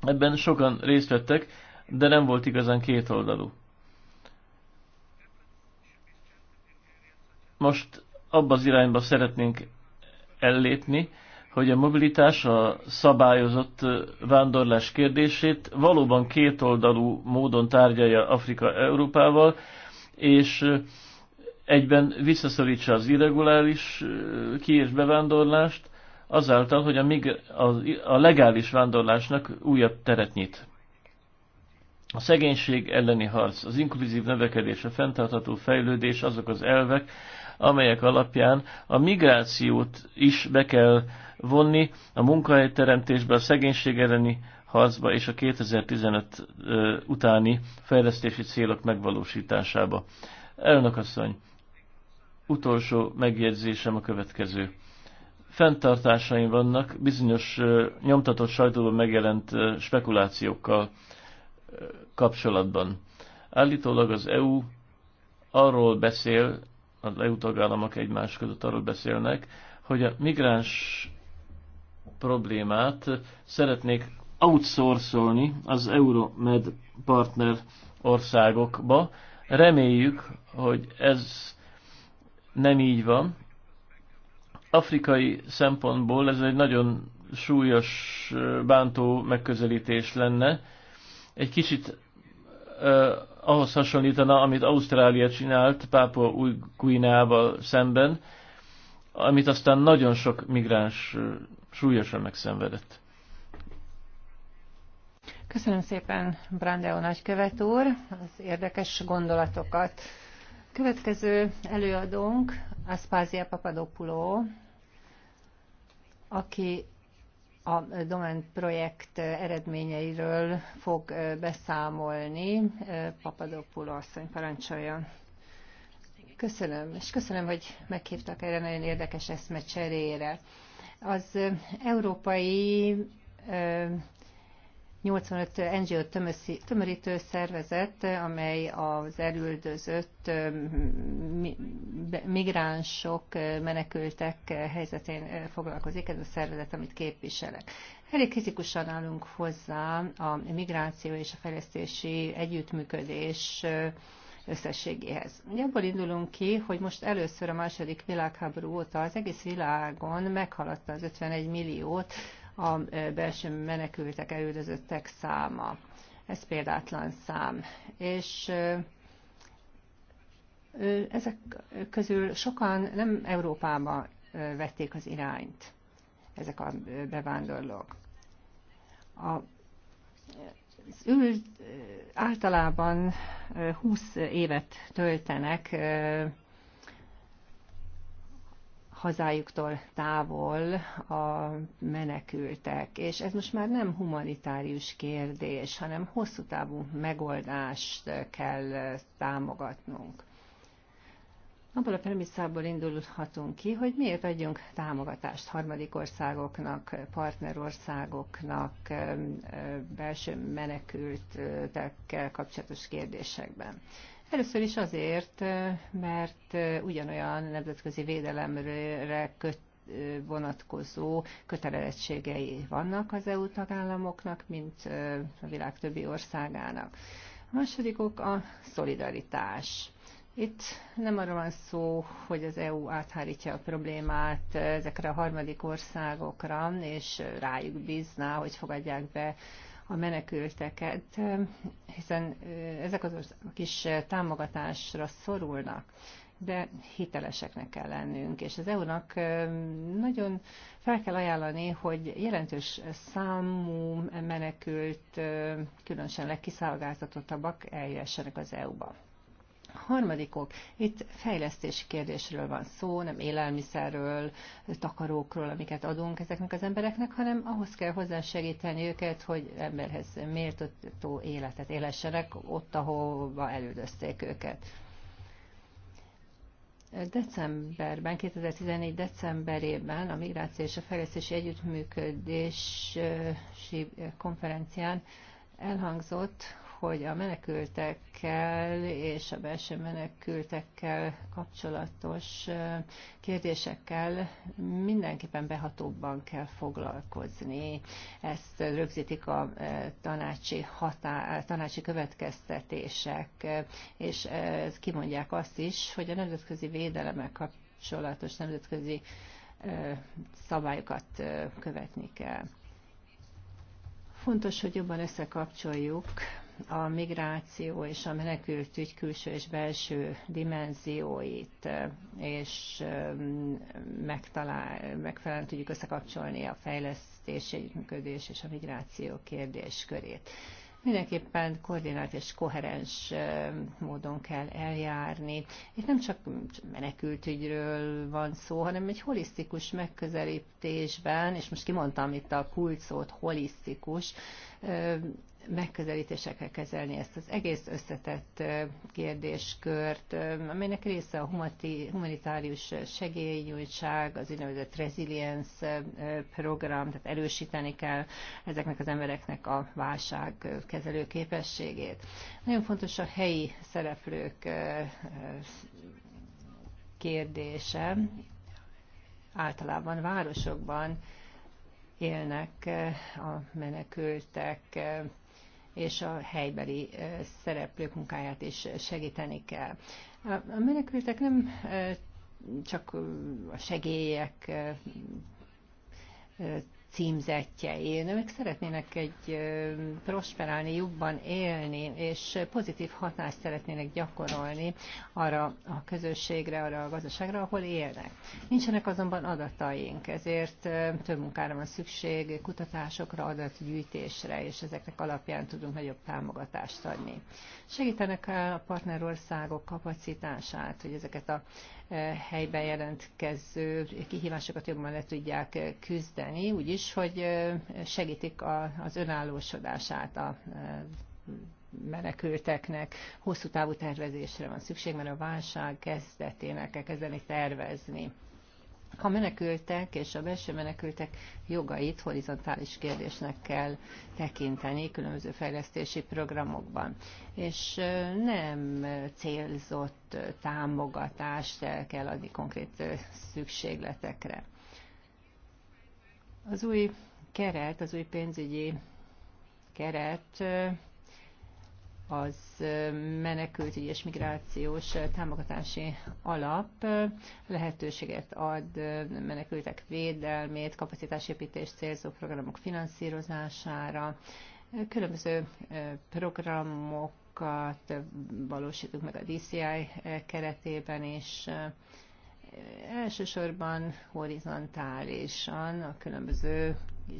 ebben sokan részt vettek, de nem volt igazán kétoldalú. Most abba az irányba szeretnénk ellépni, hogy a mobilitás a szabályozott vándorlás kérdését valóban kétoldalú módon tárgyalja Afrika Európával, és egyben visszaszorítsa az irreguláris ki- és bevándorlást, azáltal, hogy a, mig- a, a legális vándorlásnak újabb teret nyit. A szegénység elleni harc, az inkluzív növekedés, a fenntartható fejlődés, azok az elvek, amelyek alapján a migrációt is be kell vonni a munkahelyteremtésbe, a szegénység elleni harcba és a 2015 utáni fejlesztési célok megvalósításába. Elnök asszony, utolsó megjegyzésem a következő. Fentartásaim vannak bizonyos nyomtatott sajtóban megjelent spekulációkkal kapcsolatban. Állítólag az EU arról beszél, az EU tagállamok egymás között arról beszélnek, hogy a migráns problémát szeretnék outsourcolni az Euromed partner országokba. Reméljük, hogy ez nem így van. Afrikai szempontból ez egy nagyon súlyos, bántó megközelítés lenne. Egy kicsit eh, ahhoz hasonlítana, amit Ausztrália csinált Pápa új Guineával szemben, amit aztán nagyon sok migráns súlyosan megszenvedett. Köszönöm szépen, Brandeo nagykövet úr, az érdekes gondolatokat. Következő előadónk Aspázia Papadopuló, aki a Domen projekt eredményeiről fog beszámolni. Papadopuló asszony parancsolja. Köszönöm, és köszönöm, hogy meghívtak erre nagyon érdekes eszmecserére. Az európai 85 NGO tömörítő szervezet, amely az elüldözött migránsok, menekültek helyzetén eh, foglalkozik, ez a szervezet, amit képviselek. Elég kritikusan állunk hozzá a migráció és a fejlesztési együttműködés eh, összességéhez. Ugye abból indulunk ki, hogy most először a második világháború óta az egész világon meghaladta az 51 milliót a belső menekültek, elődözöttek száma. Ez példátlan szám. És ezek közül sokan nem Európába vették az irányt, ezek a bevándorlók. A, az ült általában 20 évet töltenek hazájuktól távol a menekültek. És ez most már nem humanitárius kérdés, hanem hosszú távú megoldást kell támogatnunk. Abból a premisszából indulhatunk ki, hogy miért adjunk támogatást harmadik országoknak, partnerországoknak, belső menekültekkel kapcsolatos kérdésekben. Először is azért, mert ugyanolyan nemzetközi védelemre köt vonatkozó kötelezettségei vannak az EU tagállamoknak, mint a világ többi országának. A második ok a szolidaritás. Itt nem arról van szó, hogy az EU áthárítja a problémát ezekre a harmadik országokra, és rájuk bízná, hogy fogadják be a menekülteket, hiszen ezek az kis támogatásra szorulnak de hiteleseknek kell lennünk. És az EU-nak nagyon fel kell ajánlani, hogy jelentős számú menekült, különösen legkiszolgáltatottabbak eljessenek az EU-ba. Harmadikok, itt fejlesztési kérdésről van szó, nem élelmiszerről, takarókról, amiket adunk ezeknek az embereknek, hanem ahhoz kell hozzásegíteni őket, hogy emberhez méltató életet élessenek ott, ahova elődözték őket. Decemberben, 2014. decemberében a Migráció és a Fejlesztési Együttműködési Konferencián elhangzott, hogy a menekültekkel és a belső menekültekkel kapcsolatos kérdésekkel mindenképpen behatóbban kell foglalkozni. Ezt rögzítik a tanácsi, hatá, tanácsi következtetések, és kimondják azt is, hogy a nemzetközi védelemmel kapcsolatos nemzetközi szabályokat követni kell. Fontos, hogy jobban összekapcsoljuk a migráció és a ügy külső és belső dimenzióit, és um, megtalál, megfelelően tudjuk összekapcsolni a fejlesztési működés és a migráció kérdéskörét. Mindenképpen koordinált és koherens um, módon kell eljárni. Itt nem csak menekültügyről van szó, hanem egy holisztikus megközelítésben, és most kimondtam itt a kulcsot holisztikus, um, megközelítésekkel kezelni ezt az egész összetett kérdéskört, amelynek része a humanitárius segélynyújtság, az úgynevezett resilience program, tehát erősíteni kell ezeknek az embereknek a válság kezelő képességét. Nagyon fontos a helyi szereplők kérdése. Általában városokban élnek a menekültek, és a helybeli szereplők munkáját is segíteni kell. A menekültek nem csak a segélyek címzetjein. Ők szeretnének egy prosperálni, jobban élni, és pozitív hatást szeretnének gyakorolni arra a közösségre, arra a gazdaságra, ahol élnek. Nincsenek azonban adataink, ezért több munkára van szükség, kutatásokra, adatgyűjtésre, és ezeknek alapján tudunk nagyobb támogatást adni. Segítenek a partnerországok kapacitását, hogy ezeket a helyben jelentkező kihívásokat jobban le tudják küzdeni, úgyis, hogy segítik az önállósodását a menekülteknek hosszú távú tervezésre van szükség, mert a válság kezdetének kell kezdeni tervezni a menekültek és a belső menekültek jogait horizontális kérdésnek kell tekinteni különböző fejlesztési programokban. És nem célzott támogatást kell adni konkrét szükségletekre. Az új keret, az új pénzügyi keret az menekültügyi és migrációs támogatási alap lehetőséget ad menekültek védelmét, kapacitásépítés célzó programok finanszírozására, különböző programokat valósítunk meg a DCI keretében, és elsősorban horizontálisan a különböző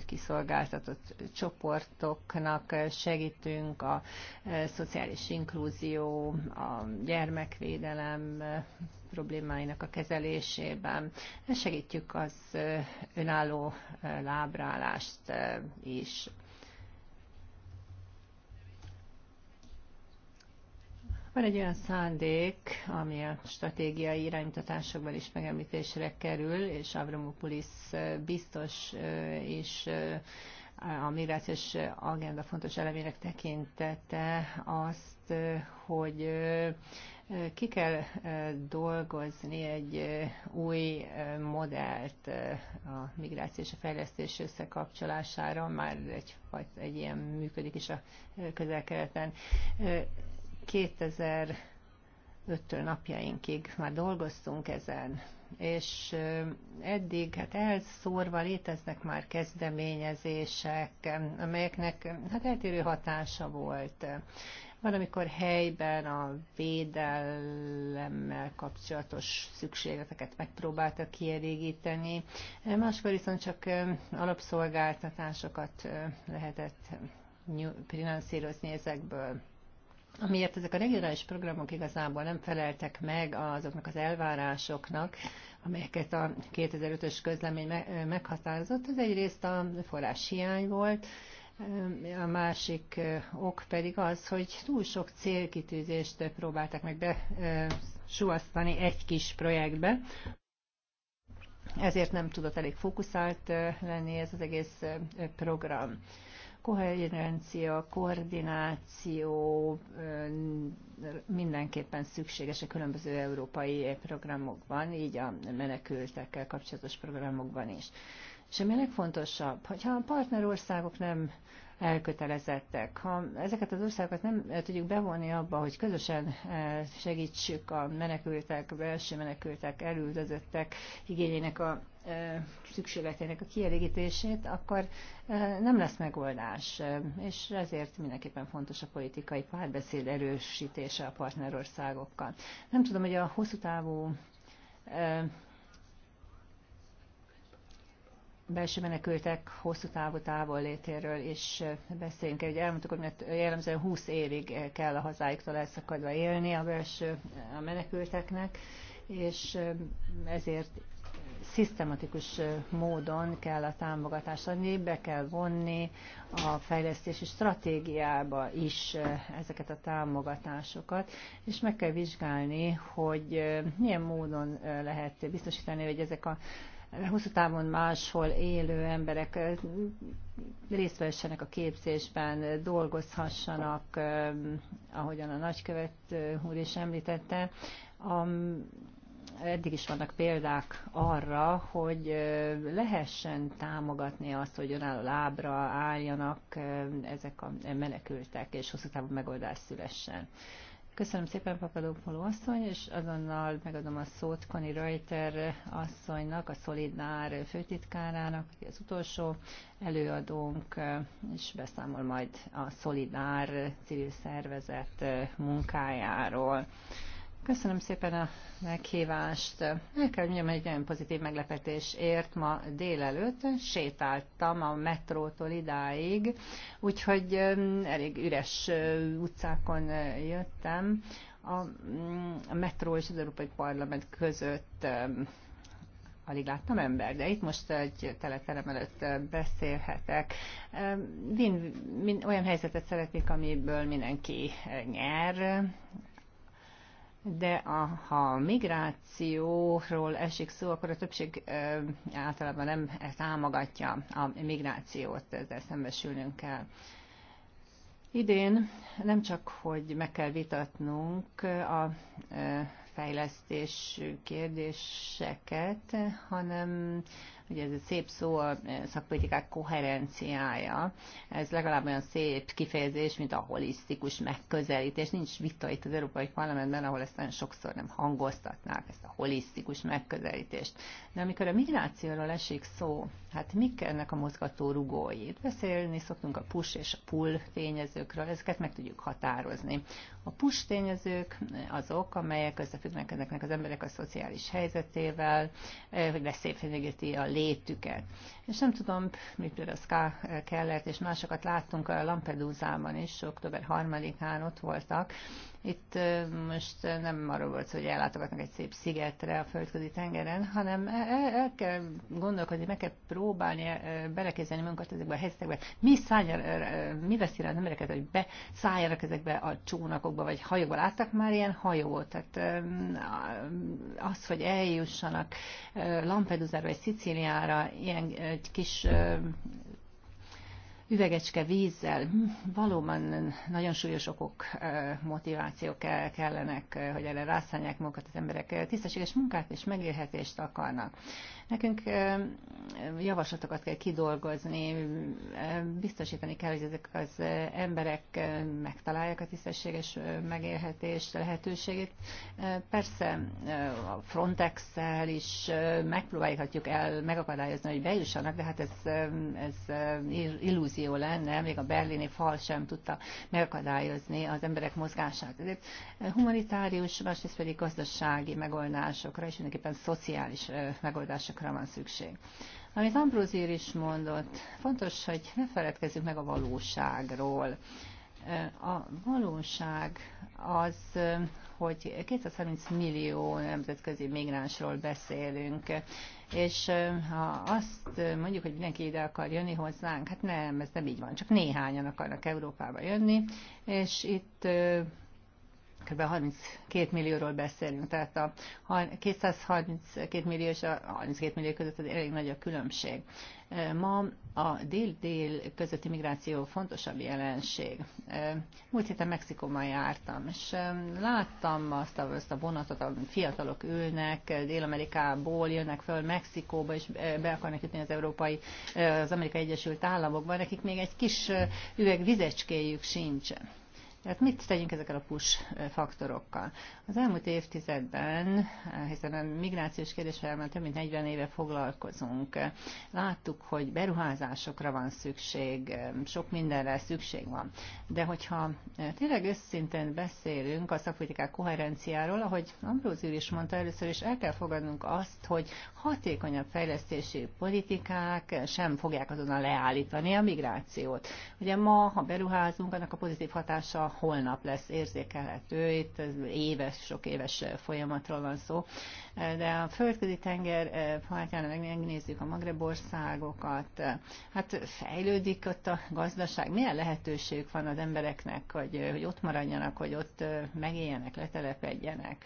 kiszolgáltatott csoportoknak segítünk, a e, szociális inkluzió, a gyermekvédelem e, problémáinak a kezelésében. Segítjük az e, önálló lábrálást is. Van egy olyan szándék, ami a stratégiai iránymutatásokban is megemlítésre kerül, és Avramopulis biztos és a migrációs agenda fontos elemének tekintette azt, hogy ki kell dolgozni egy új modellt a migráció és a fejlesztés összekapcsolására, már egy, egy ilyen működik is a közel-keleten. 2005 napjainkig már dolgoztunk ezen, és eddig hát elszórva léteznek már kezdeményezések, amelyeknek hát eltérő hatása volt. Van, amikor helyben a védelemmel kapcsolatos szükségleteket megpróbáltak kielégíteni, máskor viszont csak alapszolgáltatásokat lehetett finanszírozni ezekből amiért ezek a regionális programok igazából nem feleltek meg azoknak az elvárásoknak, amelyeket a 2005-ös közlemény meghatározott. Ez egyrészt a forrás hiány volt, a másik ok pedig az, hogy túl sok célkitűzést próbáltak meg besuasztani egy kis projektbe, ezért nem tudott elég fókuszált lenni ez az egész program koherencia, koordináció mindenképpen szükséges a különböző európai programokban, így a menekültekkel kapcsolatos programokban is. És ami a legfontosabb, hogyha a partnerországok nem elkötelezettek. Ha ezeket az országokat nem eh, tudjuk bevonni abba, hogy közösen eh, segítsük a menekültek, a belső menekültek, elüldözöttek igényének a eh, szükségletének a kielégítését, akkor nem lesz megoldás, és ezért mindenképpen fontos a politikai párbeszéd erősítése a partnerországokkal. Nem tudom, hogy a hosszú távú belső menekültek hosszú távú távol létéről is beszéljünk. Ugye elmondtuk, hogy jellemzően 20 évig kell a hazájuktól elszakadva élni a belső a menekülteknek, és eh, ezért szisztematikus eh, módon kell a támogatást adni, be kell vonni a fejlesztési stratégiába is eh, ezeket a támogatásokat, és meg kell vizsgálni, hogy milyen módon lehet biztosítani, hogy ezek a hosszú távon máshol élő emberek részt vehessenek a képzésben, dolgozhassanak, ahogyan a nagykövet úr is említette. A, eddig is vannak példák arra, hogy lehessen támogatni azt, hogy önálló lábra álljanak ezek a menekültek, és hosszú távon megoldás szülessen. Köszönöm szépen, Papadopoló asszony, és azonnal megadom a szót Connie Reuter asszonynak, a Szolidnár főtitkárának, aki az utolsó előadónk, és beszámol majd a Szolidnár civil szervezet munkájáról. Köszönöm szépen a meghívást. El kell mondjam, egy nagyon pozitív meglepetés ért ma délelőtt. Sétáltam a metrótól idáig, úgyhogy elég üres utcákon jöttem. Mm, a, metró és az Európai Parlament között alig láttam ember, de itt most egy teleterem előtt beszélhetek. olyan helyzetet szeretnék, amiből mindenki eh, nyer, de a, ha a migrációról esik szó, akkor a többség ö, általában nem támogatja a migrációt, ezzel szembesülnünk kell. Idén nem csak, hogy meg kell vitatnunk a fejlesztés kérdéseket, hanem ugye ez egy szép szó, a szakpolitikák koherenciája, ez legalább olyan szép kifejezés, mint a holisztikus megközelítés. Nincs vita itt az Európai Parlamentben, ahol ezt nagyon sokszor nem hangoztatnák, ezt a holisztikus megközelítést. De amikor a migrációról esik szó, hát mik ennek a mozgató rugói? Beszélni szoktunk a push és a pull tényezőkről, ezeket meg tudjuk határozni. A push tényezők azok, amelyek összefüggnek ezeknek az emberek a szociális helyzetével, eh, hogy veszélyfenyegeti a létüket. És nem tudom, mit a Ská Kellert és másokat láttunk a Lampedusában is, október 3-án ott voltak, itt most nem arról volt szó, hogy ellátogatnak egy szép szigetre a földközi tengeren, hanem el, e, el kell gondolkodni, meg kell próbálni belekezdeni magunkat ezekbe a helyzetekbe. Mi, mi veszi rá az embereket, hogy beszálljanak ezekbe a csónakokba, vagy hajóba? Láttak már ilyen hajót? Tehát az, hogy eljussanak Lampedusa-ra vagy Szicíliára ilyen egy kis üvegecske vízzel. Hm, valóban nagyon súlyos okok, motivációk kellenek, hogy erre rászállják magukat az emberek. Tisztességes munkát és megélhetést akarnak. Nekünk javaslatokat kell kidolgozni, biztosítani kell, hogy ezek az emberek megtalálják a tisztességes megélhetés lehetőségét. Persze a frontex is megpróbálhatjuk el megakadályozni, hogy bejussanak, de hát ez, ez illúzió illúzió lenne, még a berlini fal sem tudta megakadályozni az emberek mozgását. Ezért eh, humanitárius, másrészt pedig gazdasági megoldásokra, és mindenképpen szociális eh, megoldásokra van szükség. Amit Ambrózír is mondott, fontos, hogy ne feledkezzünk meg a valóságról. Eh, a valóság az, hogy 230 millió nemzetközi migránsról beszélünk, és ha azt mondjuk, hogy mindenki ide akar jönni hozzánk, hát nem, ez nem így van, csak néhányan akarnak Európába jönni, és itt kb. 32 millióról beszélünk, tehát a 232 millió és a 32 millió között az elég nagy a különbség. Ma a dél-dél közötti migráció fontosabb jelenség. Múlt héten Mexikóban jártam, és láttam azt a, azt a vonatot, a fiatalok ülnek, Dél-Amerikából jönnek föl Mexikóba, és be akarnak jutni az Európai, eh, az Amerikai Egyesült Államokban, nekik még egy kis eh, üveg vizecskéjük sincsen tehát mit tegyünk ezekkel a push faktorokkal? Az elmúlt évtizedben, hiszen a migrációs kérdéssel már több mint 40 éve foglalkozunk, láttuk, hogy beruházásokra van szükség, sok mindenre szükség van. De hogyha tényleg összintén beszélünk a szakpolitikák koherenciáról, ahogy Ambróz is mondta először, és el kell fogadnunk azt, hogy hatékonyabb fejlesztési politikák sem fogják azonnal leállítani a migrációt. Ugye ma, ha beruházunk, annak a pozitív hatása holnap lesz érzékelhető, itt éves, sok éves folyamatról van szó. De a földközi tenger ha eh, kellene megnézzük a Magreb országokat, hát fejlődik ott a gazdaság, milyen lehetőség van az embereknek, hogy, hogy ott maradjanak, hogy ott eh, megéljenek, letelepedjenek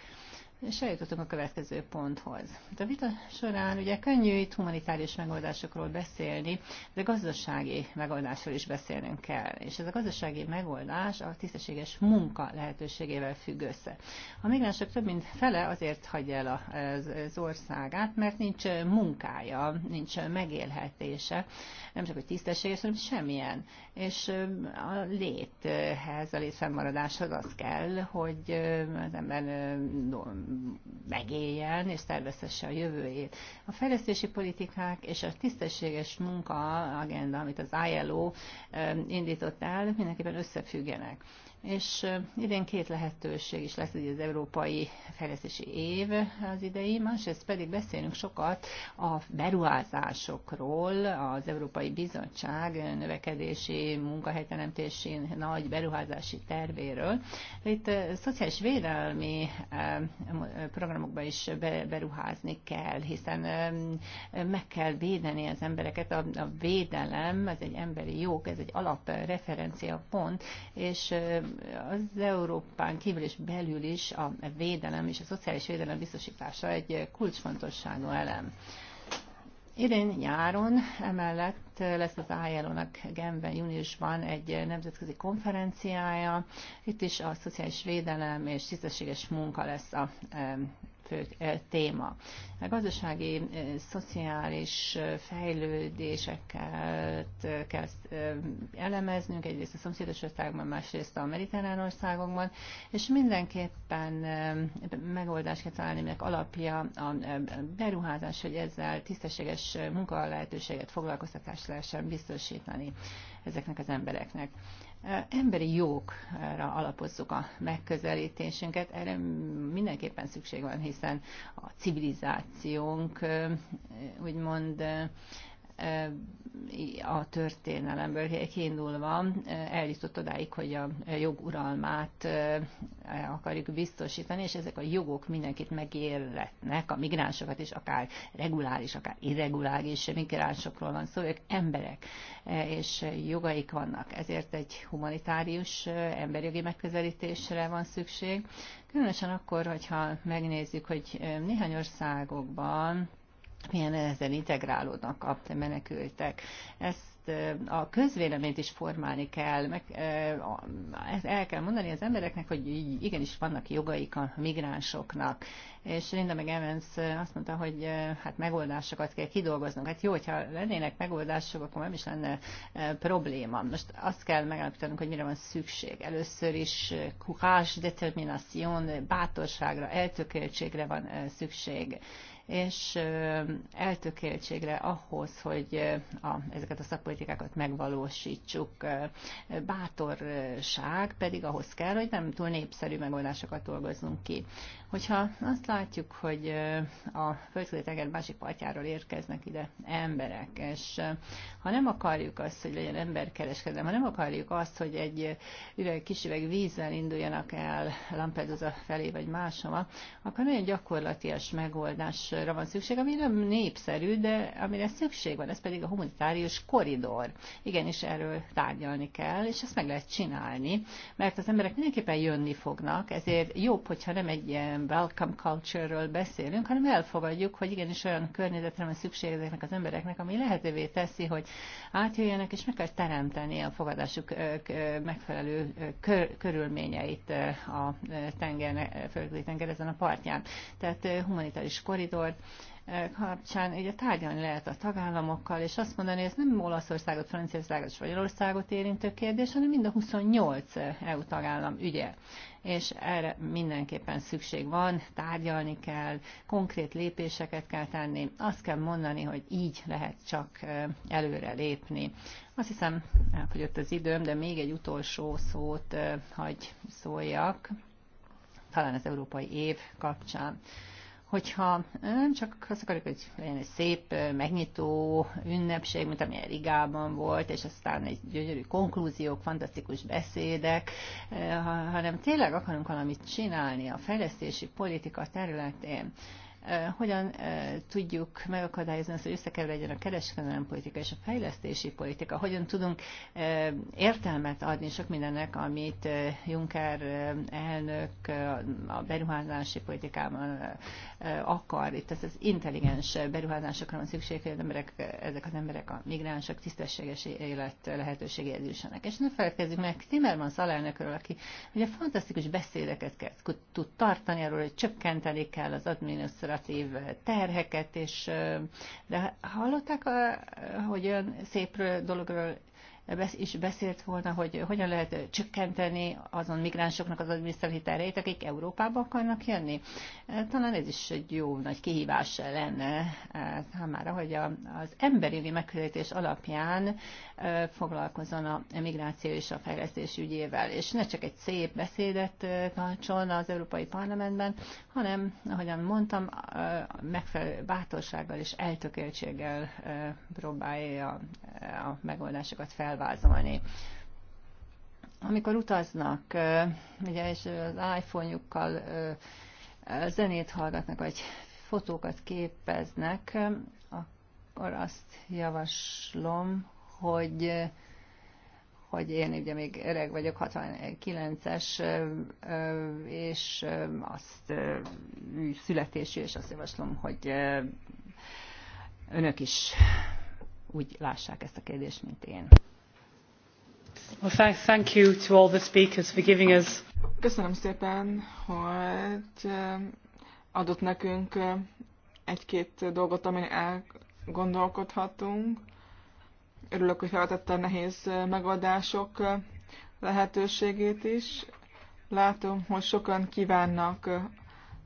és eljutottunk a következő ponthoz. A vita során ugye könnyű itt humanitárius megoldásokról beszélni, de gazdasági megoldásról is beszélnünk kell. És ez a gazdasági megoldás a tisztességes munka lehetőségével függ össze. A migránsok több mint fele azért hagyja el az országát, mert nincs munkája, nincs megélhetése, nem csak hogy tisztességes, hanem semmilyen és a léthez, a létszámmaradáshoz az kell, hogy az ember megéljen és tervezhesse a jövőjét. A fejlesztési politikák és a tisztességes munka agenda, amit az ILO indított el, mindenképpen összefüggenek és idén két lehetőség is lesz, hogy az európai fejlesztési év az idei, másrészt pedig beszélünk sokat a beruházásokról, az Európai Bizottság növekedési, munkahelyteremtési nagy beruházási tervéről. Itt szociális védelmi programokba is beruházni kell, hiszen meg kell védeni az embereket. A, a védelem, ez egy emberi jog, ez egy alapreferencia pont, és az Európán kívül és belül is a védelem és a szociális védelem biztosítása egy kulcsfontosságú elem. Idén nyáron emellett lesz az ILO-nak Genben júniusban egy nemzetközi konferenciája. Itt is a szociális védelem és tisztességes munka lesz a fő téma. A gazdasági, szociális fejlődéseket kell elemeznünk, egyrészt a szomszédos országokban, másrészt a mediterrán országokban, és mindenképpen megoldást kell találni, aminek alapja a beruházás, hogy ezzel tisztességes munkalehetőséget, foglalkoztatást lehessen biztosítani ezeknek az embereknek emberi jókra alapozzuk a megközelítésünket. Erre mindenképpen szükség van, hiszen a civilizációnk úgymond a történelemből kiindulva eljutott odáig, hogy a joguralmát akarjuk biztosítani, és ezek a jogok mindenkit megérletnek, a migránsokat is, akár reguláris, akár irreguláris migránsokról van szó, ők emberek, és jogaik vannak. Ezért egy humanitárius emberjogi megközelítésre van szükség. Különösen akkor, hogyha megnézzük, hogy néhány országokban milyen nehezen integrálódnak a menekültek. Ezt a közvéleményt is formálni kell, meg el kell mondani az embereknek, hogy igenis vannak jogaik a migránsoknak. És Linda meg Evans azt mondta, hogy hát megoldásokat kell kidolgoznunk. Hát jó, hogyha lennének megoldások, akkor nem is lenne probléma. Most azt kell megállapítanunk, hogy mire van szükség. Először is courage, determination, bátorságra, eltökéltségre van szükség és eltökéltségre ahhoz, hogy a, ezeket a szakpolitikákat megvalósítsuk. Bátorság pedig ahhoz kell, hogy nem túl népszerű megoldásokat dolgozzunk ki. Hogyha azt látjuk, hogy a földközi-tenger másik partjáról érkeznek ide emberek, és ha nem akarjuk azt, hogy legyen emberkereskedelem, ha nem akarjuk azt, hogy egy üveg, kis üveg vízzel induljanak el Lampedusa felé vagy máshova, akkor nagyon gyakorlatias megoldásra van szükség, ami nem népszerű, de amire szükség van, ez pedig a humanitárius koridor. Igenis erről tárgyalni kell, és ezt meg lehet csinálni, mert az emberek mindenképpen jönni fognak, ezért jobb, hogyha nem egy ilyen welcome culture-ről beszélünk, hanem elfogadjuk, hogy igenis olyan környezetre van szükség ezeknek az embereknek, ami lehetővé teszi, hogy átjöjjenek, és meg kell teremteni a fogadásuk megfelelő körülményeit a tenger, földközi tenger ezen a partján. Tehát humanitáris koridor, kapcsán ugye tárgyalni lehet a tagállamokkal, és azt mondani, hogy ez nem Olaszországot, Franciaországot, Magyarországot érintő kérdés, hanem mind a 28 EU tagállam ügye és erre mindenképpen szükség van, tárgyalni kell, konkrét lépéseket kell tenni, azt kell mondani, hogy így lehet csak előre lépni. Azt hiszem, elfogyott az időm, de még egy utolsó szót hagy szóljak, talán az európai év kapcsán hogyha nem csak azt akarjuk, hogy legyen egy szép, megnyitó ünnepség, mint amilyen Rigában volt, és aztán egy gyönyörű konklúziók, fantasztikus beszédek, hanem tényleg akarunk valamit csinálni a fejlesztési politika területén, hogyan tudjuk megakadályozni azt, hogy összekeveredjen a kereskedelmi politika és a fejlesztési politika, hogyan tudunk értelmet adni sok mindennek, amit Juncker elnök a beruházási politikában akar. Itt ez az intelligens beruházásokra van szükség, hogy az emberek, ezek az emberek a migránsok tisztességes élet lehetőségéhez jussanak. És ne feledkezzünk meg Timmermans alelnökről, aki ugye fantasztikus beszédeket tud tartani arról, hogy csökkenteni kell az adminisztrációt, administratív terheket, és de hallották, hogy olyan szép dologról is beszélt volna, hogy hogyan lehet csökkenteni azon migránsoknak az adminisztratív terheit, akik Európába akarnak jönni. Hát, talán ez is egy jó nagy kihívás lenne hát, számára, hogy az emberi megközelítés alapján foglalkozon a migráció és a fejlesztés ügyével, és ne csak egy szép beszédet tartson az Európai Parlamentben, hanem, ahogyan mondtam, megfelelő bátorsággal és eltökéltséggel próbálja a megoldásokat fel felvázolni. Amikor utaznak, ugye, és az iPhone-jukkal zenét hallgatnak, vagy fotókat képeznek, akkor azt javaslom, hogy hogy én ugye még öreg vagyok, 69-es, és azt születésű, és azt javaslom, hogy önök is úgy lássák ezt a kérdést, mint én. Köszönöm szépen, hogy eh, adott nekünk eh, egy-két dolgot, amin elgondolkodhatunk. Örülök, hogy felvetette a nehéz eh, megoldások lehetőségét is. Látom, hogy sokan kívánnak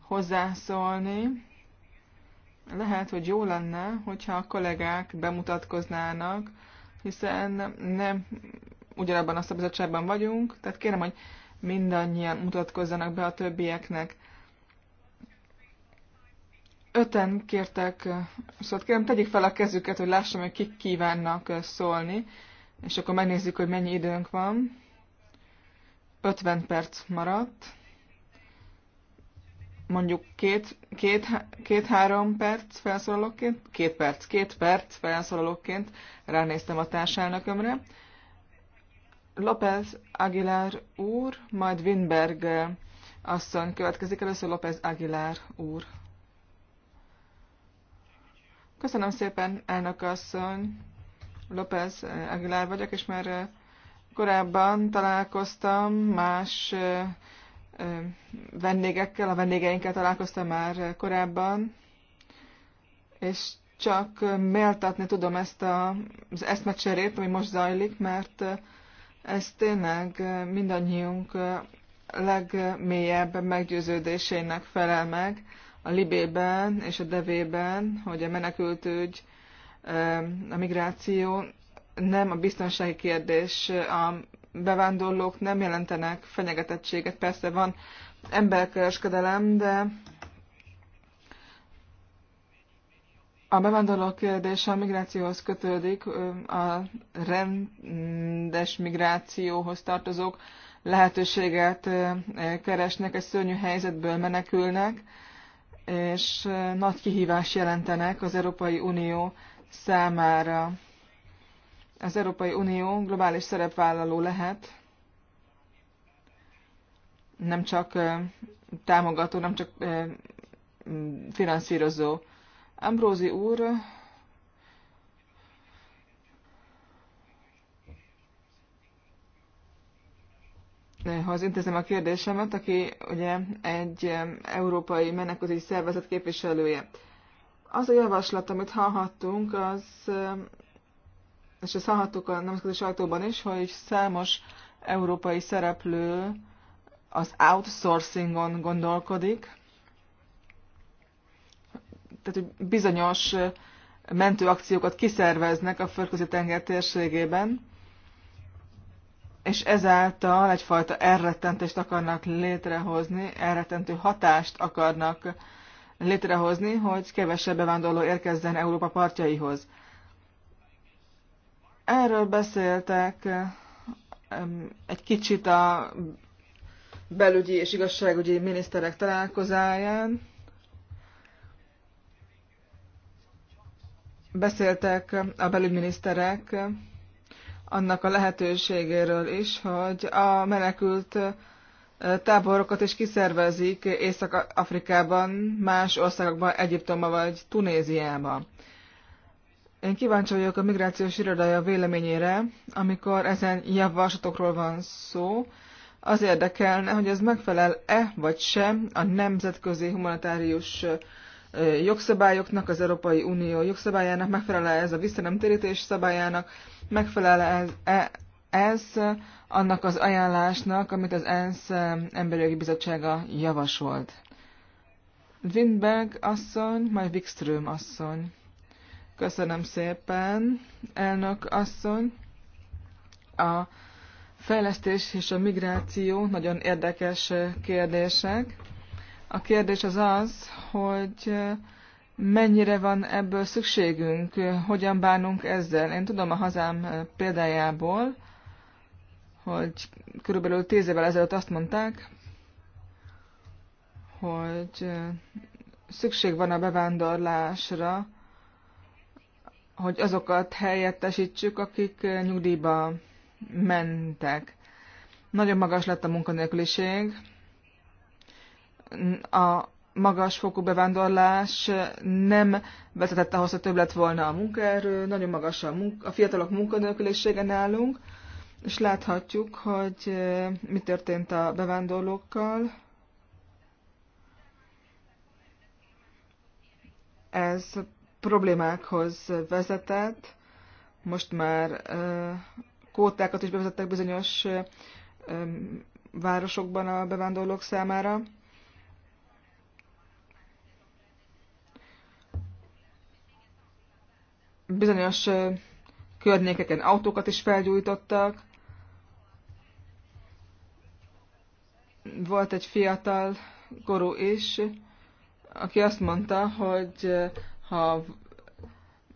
hozzászólni. Lehet, hogy jó lenne, hogyha a kollégák bemutatkoznának, hiszen nem ugyanabban a szabizottságban vagyunk, tehát kérem, hogy mindannyian mutatkozzanak be a többieknek. Öten kértek szóval kérem, tegyék fel a kezüket, hogy lássam, hogy kik kívánnak szólni, és akkor megnézzük, hogy mennyi időnk van. 50 perc maradt, mondjuk két, két, két három perc felszólalóként, két perc, két perc felszólalóként ránéztem a társelnökömre, López Aguilar úr, majd Winberg eh, asszony következik. Először López Aguilar úr. Köszönöm szépen, elnök asszony. López eh, Aguilar vagyok, és már eh, korábban találkoztam más vendégekkel, a vendégeinkkel találkoztam már korábban, és csak méltatni tudom ezt a, az eszmecserét, ami most zajlik, mert ez tényleg mindannyiunk legmélyebb meggyőződésének felel meg a Libében és a Devében, hogy a menekültügy, a migráció nem a biztonsági kérdés, a bevándorlók nem jelentenek fenyegetettséget. Persze van emberkereskedelem, de A bevándorló kérdés a migrációhoz kötődik, a rendes migrációhoz tartozók lehetőséget keresnek, egy szörnyű helyzetből menekülnek, és nagy kihívást jelentenek az Európai Unió számára. Az Európai Unió globális szerepvállaló lehet, nem csak támogató, nem csak finanszírozó Ambrózi úr ha az intézem a kérdésemet, aki ugye egy európai menekülési szervezet képviselője. Az a javaslat, amit hallhattunk, az, és ezt hallhattuk a nemzetközi sajtóban is, hogy számos európai szereplő az outsourcingon gondolkodik, tehát hogy bizonyos mentőakciókat kiszerveznek a földközi tenger térségében, és ezáltal egyfajta elrettentést akarnak létrehozni, elrettentő hatást akarnak létrehozni, hogy kevesebb bevándorló érkezzen Európa partjaihoz. Erről beszéltek egy kicsit a belügyi és igazságügyi miniszterek találkozáján, Beszéltek a belügyminiszterek annak a lehetőségéről is, hogy a menekült táborokat is kiszervezik Észak-Afrikában, más országokban, Egyiptomban vagy Tunéziában. Én kíváncsi vagyok a migrációs irodája véleményére, amikor ezen javaslatokról van szó. Az érdekelne, hogy ez megfelel-e vagy sem a nemzetközi humanitárius jogszabályoknak, az Európai Unió jogszabályának megfelel-e ez a visszanemtérítés szabályának, megfelele ez, e, ez annak az ajánlásnak, amit az ENSZ Emberi Jogi Bizottsága javasolt. Windberg asszony, majd Wikström asszony. Köszönöm szépen, elnök asszony. A fejlesztés és a migráció nagyon érdekes kérdések. A kérdés az az, hogy mennyire van ebből szükségünk, hogyan bánunk ezzel. Én tudom a hazám példájából, hogy körülbelül tíz évvel ezelőtt azt mondták, hogy szükség van a bevándorlásra, hogy azokat helyettesítsük, akik nyugdíjba mentek. Nagyon magas lett a munkanélküliség, a magas fokú bevándorlás nem vezetett ahhoz, hogy több lett volna a munkaerő, nagyon magas a, munka, a fiatalok munkanélkülisége nálunk, és láthatjuk, hogy mi történt a bevándorlókkal. Ez problémákhoz vezetett. Most már kótákat is bevezettek bizonyos városokban a bevándorlók számára. bizonyos környékeken autókat is felgyújtottak. Volt egy fiatal korú is, aki azt mondta, hogy ha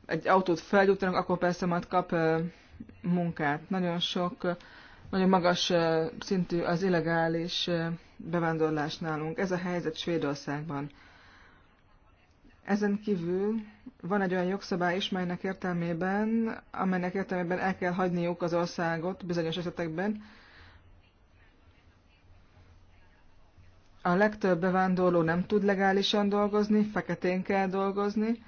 egy autót felgyújtanak, akkor persze majd kap munkát. Nagyon sok, nagyon magas szintű az illegális bevándorlás nálunk. Ez a helyzet Svédországban. Ezen kívül van egy olyan jogszabály is, melynek értelmében, amelynek értelmében el kell hagyniuk az országot bizonyos esetekben. A legtöbb bevándorló nem tud legálisan dolgozni, feketén kell dolgozni,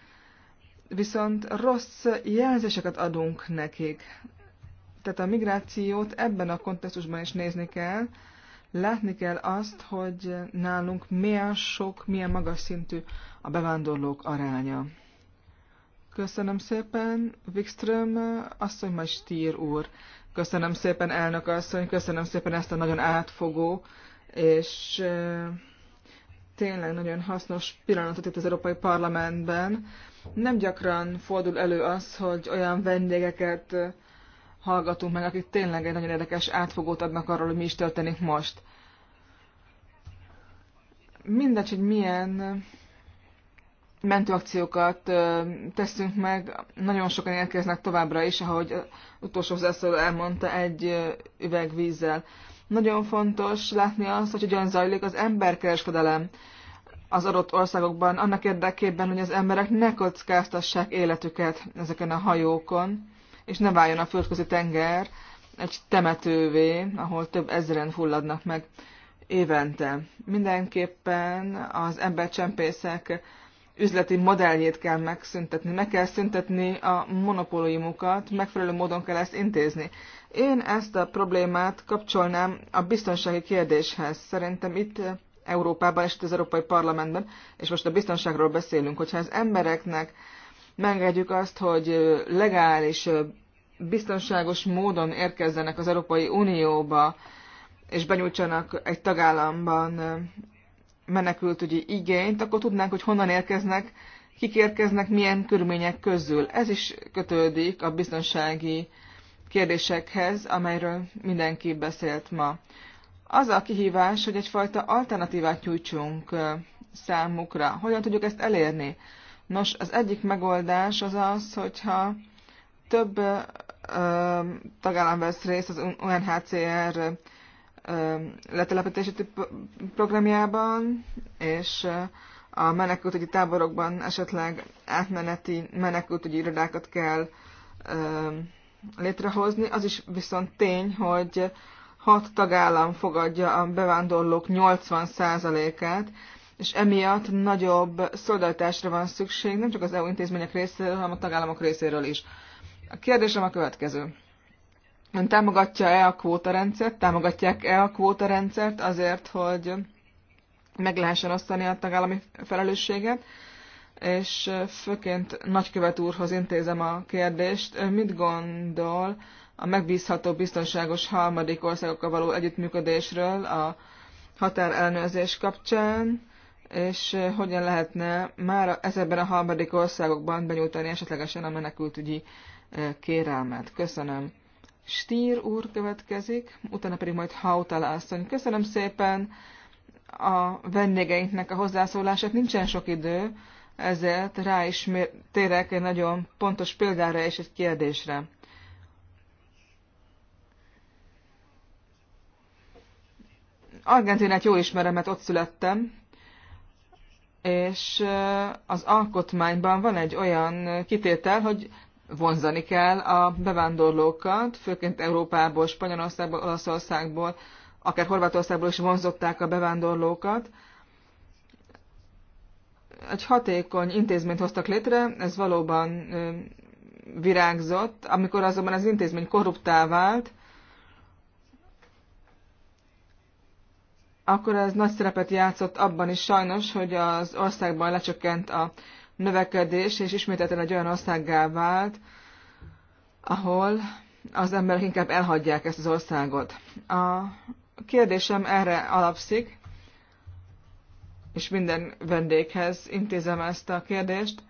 viszont rossz jelzéseket adunk nekik. Tehát a migrációt ebben a kontextusban is nézni kell, Látni kell azt, hogy nálunk milyen sok, milyen magas szintű a bevándorlók aránya. Köszönöm szépen, Wikström asszony, majd Stír úr. Köszönöm szépen, elnök asszony, köszönöm szépen ezt a nagyon átfogó és tényleg nagyon hasznos pillanatot itt az Európai Parlamentben. Nem gyakran fordul elő az, hogy olyan vendégeket hallgatunk meg, akik tényleg egy nagyon érdekes átfogót adnak arról, hogy mi is történik most. Mindegy, hogy milyen mentőakciókat teszünk meg, nagyon sokan érkeznek továbbra is, ahogy utolsó zászló elmondta, egy üveg vízzel. Nagyon fontos látni azt, hogy hogyan zajlik az emberkereskedelem az adott országokban, annak érdekében, hogy az emberek ne kockáztassák életüket ezeken a hajókon és ne váljon a földközi tenger egy temetővé, ahol több ezeren hulladnak meg évente. Mindenképpen az embercsempészek üzleti modelljét kell megszüntetni, meg kell szüntetni a monopóliumokat, megfelelő módon kell ezt intézni. Én ezt a problémát kapcsolnám a biztonsági kérdéshez. Szerintem itt Európában és itt az Európai Parlamentben, és most a biztonságról beszélünk, hogyha az embereknek megengedjük azt, hogy legális, biztonságos módon érkezzenek az Európai Unióba, és benyújtsanak egy tagállamban menekültügyi igényt, akkor tudnánk, hogy honnan érkeznek, kik érkeznek, milyen körülmények közül. Ez is kötődik a biztonsági kérdésekhez, amelyről mindenki beszélt ma. Az a kihívás, hogy egyfajta alternatívát nyújtsunk számukra. Hogyan tudjuk ezt elérni? Nos, az egyik megoldás az az, hogyha több ö, tagállam vesz részt az UNHCR ö, letelepítési programjában, és a menekültügyi táborokban esetleg átmeneti menekültügyi irodákat kell ö, létrehozni. Az is viszont tény, hogy hat tagállam fogadja a bevándorlók 80%-át, és emiatt nagyobb szolidaritásra van szükség, nem csak az EU intézmények részéről, hanem a tagállamok részéről is. A kérdésem a következő. Ön támogatja-e a kvótarendszert? Támogatják-e a kvótarendszert azért, hogy meg lehessen osztani a tagállami felelősséget? És főként nagykövet úrhoz intézem a kérdést. Ön mit gondol a megbízható, biztonságos harmadik országokkal való együttműködésről a határelnőrzés kapcsán? és hogyan lehetne már ezekben a harmadik országokban benyújtani esetlegesen a menekültügyi kérelmet. Köszönöm. Stír úr következik, utána pedig majd Hautala asszony. Köszönöm szépen a vendégeinknek a hozzászólását. Nincsen sok idő, ezért rá is térek egy nagyon pontos példára és egy kérdésre. Argentinát jól ismerem, mert ott születtem, és az alkotmányban van egy olyan kitétel, hogy vonzani kell a bevándorlókat, főként Európából, Spanyolországból, Olaszországból, akár Horvátországból is vonzották a bevándorlókat. Egy hatékony intézményt hoztak létre, ez valóban virágzott, amikor azonban az intézmény korruptá vált, akkor ez nagy szerepet játszott abban is sajnos, hogy az országban lecsökkent a növekedés, és ismételten egy olyan országgá vált, ahol az emberek inkább elhagyják ezt az országot. A kérdésem erre alapszik, és minden vendéghez intézem ezt a kérdést,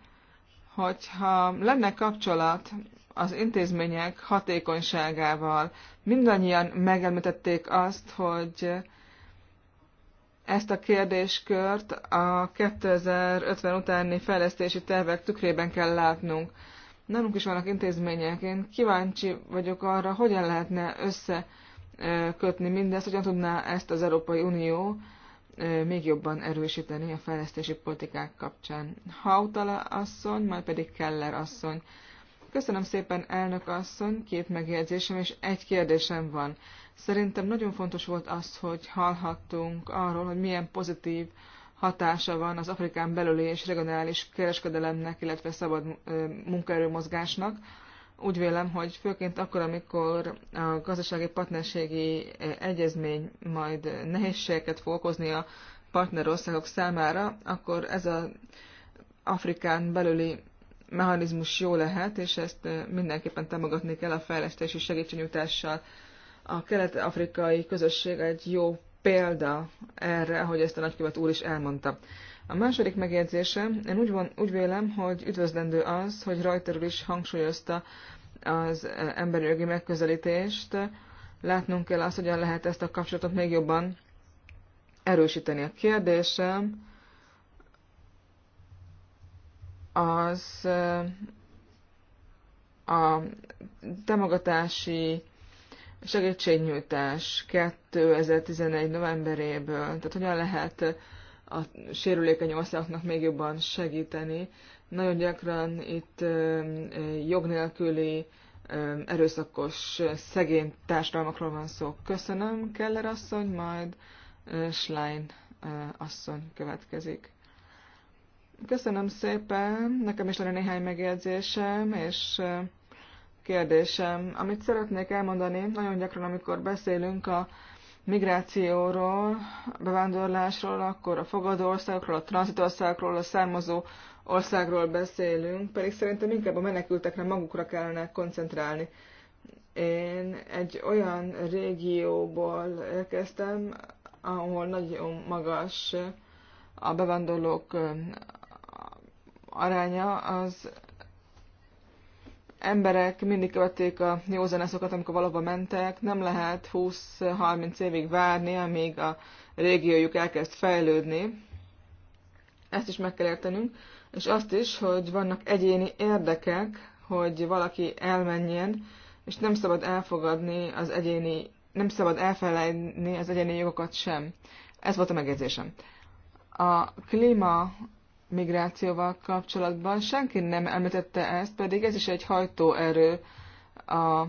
hogyha lenne kapcsolat az intézmények hatékonyságával, mindannyian megemlítették azt, hogy ezt a kérdéskört a 2050 utáni fejlesztési tervek tükrében kell látnunk. Nálunk is vannak intézmények. Én kíváncsi vagyok arra, hogyan lehetne összekötni mindezt, hogyan tudná ezt az Európai Unió még jobban erősíteni a fejlesztési politikák kapcsán. Hautala asszony, majd pedig Keller asszony. Köszönöm szépen, elnök asszony, két megjegyzésem és egy kérdésem van. Szerintem nagyon fontos volt az, hogy hallhattunk arról, hogy milyen pozitív hatása van az Afrikán belüli és regionális kereskedelemnek, illetve szabad munkaerőmozgásnak. Úgy vélem, hogy főként akkor, amikor a gazdasági partnerségi egyezmény majd nehézségeket fog okozni a partnerországok számára, akkor ez az Afrikán belüli mechanizmus jó lehet, és ezt mindenképpen támogatni kell a fejlesztési segítségnyújtással a kelet-afrikai közösség egy jó példa erre, hogy ezt a nagykövet úr is elmondta. A második megjegyzésem, én úgy, van, úgy vélem, hogy üdvözlendő az, hogy rajterül is hangsúlyozta az e, emberi jogi megközelítést. Látnunk kell azt, hogyan lehet ezt a kapcsolatot még jobban erősíteni. A kérdésem az e, a támogatási segítségnyújtás 2011. novemberéből, tehát hogyan lehet a sérülékeny országoknak még jobban segíteni. Nagyon gyakran itt jog nélküli, erőszakos, szegény társadalmakról van szó. Köszönöm, Keller asszony, majd Schlein asszony következik. Köszönöm szépen, nekem is lenne néhány megjegyzésem, és kérdésem. Amit szeretnék elmondani, nagyon gyakran, amikor beszélünk a migrációról, bevándorlásról, akkor a fogadó országokról, a országokról, a származó országról beszélünk, pedig szerintem inkább a menekültekre magukra kellene koncentrálni. Én egy olyan régióból érkeztem, ahol nagyon magas a bevándorlók aránya, az emberek mindig követték a jó zeneszokat, amikor valahova mentek. Nem lehet 20-30 évig várni, amíg a régiójuk elkezd fejlődni. Ezt is meg kell értenünk. És azt is, hogy vannak egyéni érdekek, hogy valaki elmenjen, és nem szabad elfogadni az egyéni, nem szabad elfelejteni az egyéni jogokat sem. Ez volt a megjegyzésem. A klíma migrációval kapcsolatban. Senki nem említette ezt, pedig ez is egy hajtóerő a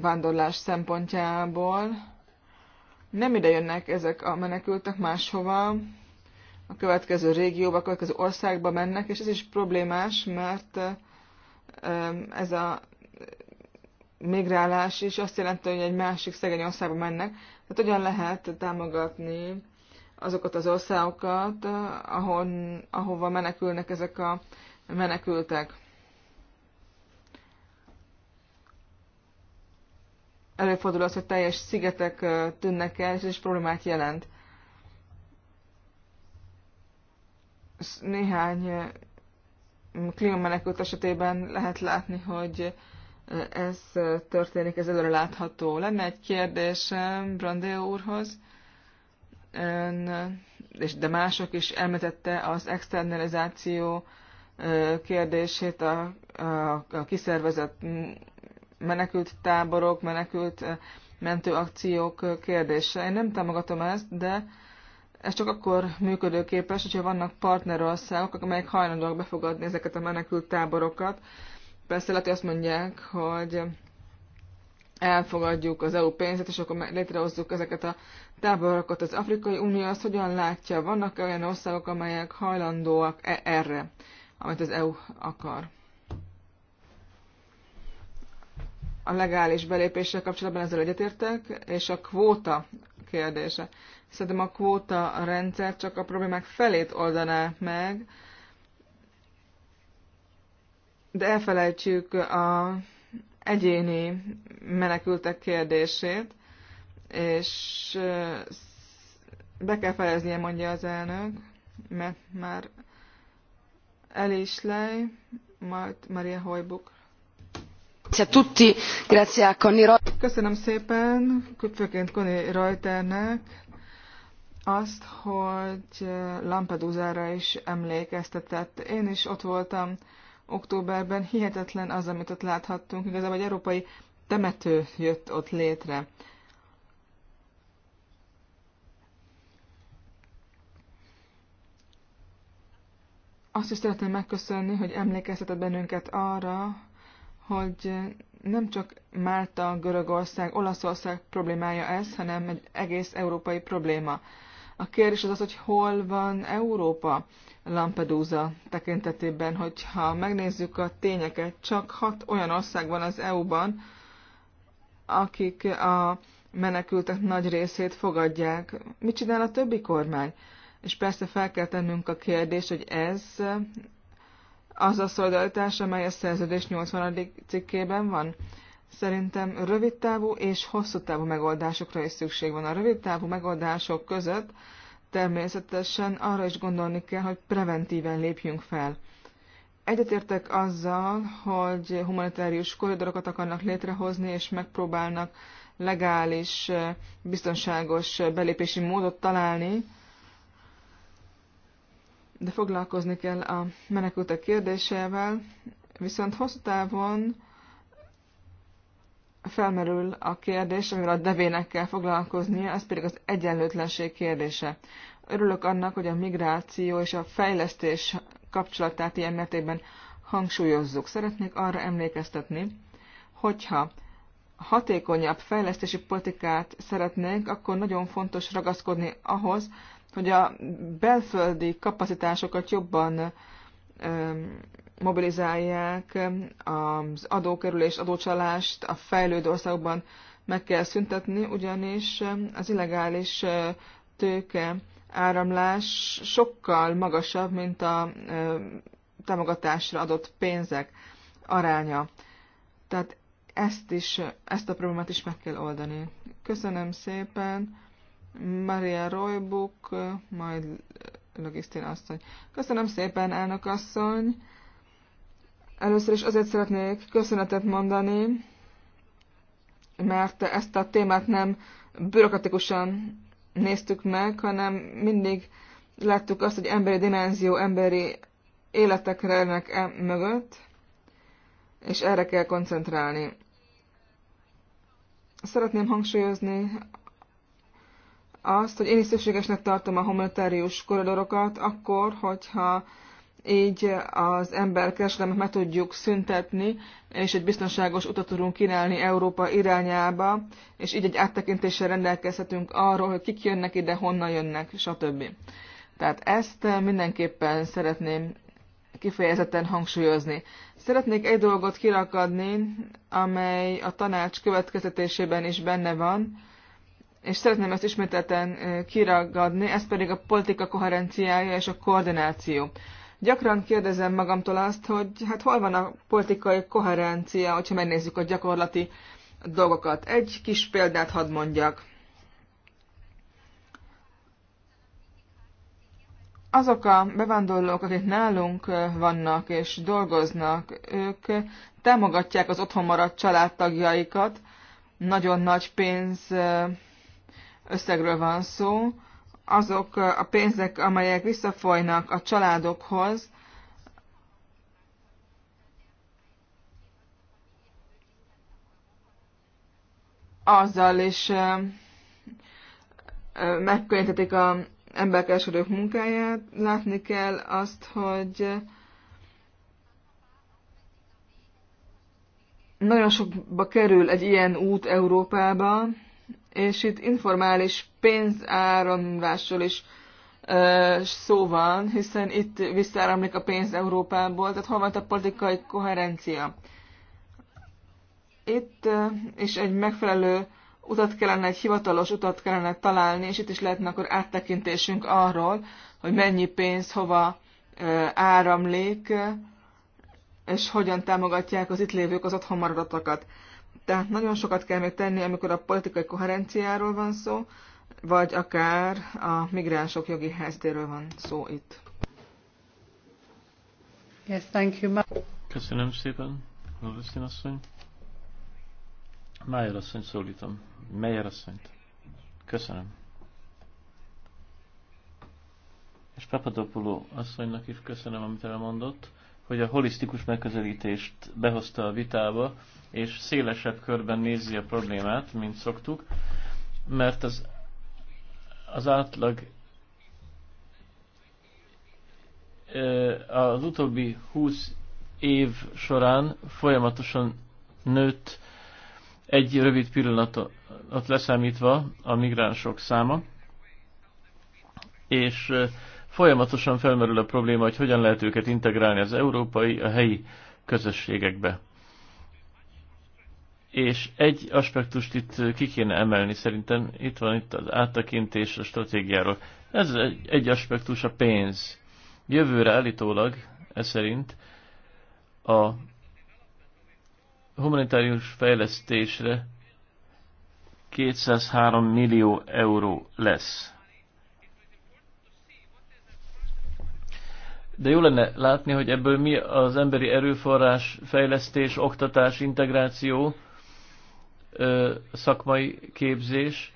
vándorlás szempontjából. Nem ide jönnek ezek a menekültek máshova, a következő régióba, a következő országba mennek, és ez is problémás, mert ez a migrálás is azt jelenti, hogy egy másik szegény országba mennek. Tehát hogyan lehet támogatni azokat az országokat, eh, ahon, ahova menekülnek ezek a menekültek. Előfordul az, hogy teljes szigetek eh, tűnnek el, és ez is problémát jelent. Néhány eh, klímamenekült esetében lehet látni, hogy ez történik, ez előre látható. Lenne egy kérdésem Brandéo úrhoz és de mások is elmetette az externalizáció kérdését, a, a, a kiszervezett menekült táborok, menekült mentőakciók kérdése. Én nem támogatom ezt, de ez csak akkor működőképes, hogyha vannak partnerországok, amelyek hajlandóak befogadni ezeket a menekült táborokat. Persze lehet, hogy azt mondják, hogy elfogadjuk az EU pénzet, és akkor létrehozzuk ezeket a táborokat. Az Afrikai Unió azt hogyan látja? vannak -e olyan országok, amelyek hajlandóak -e erre, amit az EU akar? A legális belépéssel kapcsolatban ezzel egyetértek, és a kvóta kérdése. Szerintem a kvóta rendszer csak a problémák felét oldaná meg, de elfelejtsük a egyéni menekültek kérdését, és be kell fejeznie, mondja az elnök, mert már el is lej, majd Maria Hojbuk. Köszönöm szépen, főként Koni Reuternek azt, hogy Lampedusa-ra is emlékeztetett. Én is ott voltam októberben hihetetlen az, amit ott láthattunk. Igazából egy európai temető jött ott létre. Azt is szeretném megköszönni, hogy emlékeztetett bennünket arra, hogy nem csak Málta, Görögország, Olaszország problémája ez, hanem egy egész európai probléma. A kérdés az az, hogy hol van Európa Lampedusa tekintetében, hogyha megnézzük a tényeket, csak hat olyan ország van az EU-ban, akik a menekültek nagy részét fogadják. Mit csinál a többi kormány? És persze fel kell tennünk a kérdést, hogy ez az a szolidaritás, amely a szerződés 80. cikkében van. Szerintem rövid távú és hosszú távú megoldásokra is szükség van. A rövid távú megoldások között természetesen arra is gondolni kell, hogy preventíven lépjünk fel. Egyetértek azzal, hogy humanitárius koridorokat akarnak létrehozni, és megpróbálnak legális, biztonságos belépési módot találni, de foglalkozni kell a menekültek kérdésével, viszont hosszú távon felmerül a kérdés, amivel a devének kell foglalkoznia, ez pedig az egyenlőtlenség kérdése. Örülök annak, hogy a migráció és a fejlesztés kapcsolatát ilyen mértékben hangsúlyozzuk. Szeretnék arra emlékeztetni, hogyha hatékonyabb fejlesztési politikát szeretnénk, akkor nagyon fontos ragaszkodni ahhoz, hogy a belföldi kapacitásokat jobban mobilizálják az adókerülés, adócsalást a fejlődő országokban meg kell szüntetni, ugyanis az illegális tőke áramlás sokkal magasabb, mint a támogatásra adott pénzek aránya. Tehát ezt is, ezt a problémát is meg kell oldani. Köszönöm szépen, Maria Roybuk, majd Logisztin asszony. Köszönöm szépen, elnök asszony! Először is azért szeretnék köszönetet mondani, mert ezt a témát nem bürokratikusan néztük meg, hanem mindig láttuk azt, hogy emberi dimenzió, emberi életekre ennek e mögött, és erre kell koncentrálni. Szeretném hangsúlyozni azt, hogy én is szükségesnek tartom a humanitárius koridorokat, akkor, hogyha így az emberkereskedelmet meg tudjuk szüntetni, és egy biztonságos utat tudunk kínálni Európa irányába, és így egy áttekintéssel rendelkezhetünk arról, hogy kik jönnek ide, honnan jönnek, stb. Tehát ezt mindenképpen szeretném kifejezetten hangsúlyozni. Szeretnék egy dolgot kirakadni, amely a tanács következtetésében is benne van, és szeretném ezt ismételten eh, kiragadni, ez pedig a politika koherenciája és a koordináció. Gyakran kérdezem magamtól azt, hogy hát hol van a politikai koherencia, hogyha megnézzük a gyakorlati dolgokat. Egy kis példát hadd mondjak. azok a bevándorlók, akik nálunk vannak és dolgoznak, ők támogatják az otthon maradt családtagjaikat. Nagyon nagy pénz összegről van szó, azok a pénzek, amelyek visszafolynak a családokhoz, azzal is megkönnyíthetik a emberkereskedők munkáját. Látni kell azt, hogy nagyon sokba kerül egy ilyen út Európában, és itt informális pénzáramlásról is szó van, hiszen itt visszáramlik a pénz Európából, tehát hol van a politikai koherencia? Itt is egy megfelelő utat kellene, egy hivatalos utat kellene találni, és itt is lehetne akkor áttekintésünk arról, hogy mennyi pénz hova áramlik, és hogyan támogatják az itt lévők az maradatokat. Tehát nagyon sokat kell még tenni, amikor a politikai koherenciáról van szó, vagy akár a migránsok jogi helyzetéről van szó itt. Yes, thank you. Köszönöm szépen, Loveszin asszony. Májer asszony szólítom. Meyer asszonyt. Köszönöm. És Papadopoulou asszonynak is köszönöm, amit elmondott, hogy a holisztikus megközelítést behozta a vitába, és szélesebb körben nézi a problémát, mint szoktuk, mert az, az átlag az utóbbi 20 év során folyamatosan nőtt egy rövid pillanatot leszámítva a migránsok száma, és folyamatosan felmerül a probléma, hogy hogyan lehet őket integrálni az európai, a helyi közösségekbe. És egy aspektust itt ki kéne emelni szerintem, itt van itt az áttekintés a stratégiáról. Ez egy, egy aspektus a pénz. Jövőre állítólag, ez szerint, a humanitárius fejlesztésre 203 millió euró lesz. De jó lenne látni, hogy ebből mi az emberi erőforrás, fejlesztés, oktatás, integráció, szakmai képzés.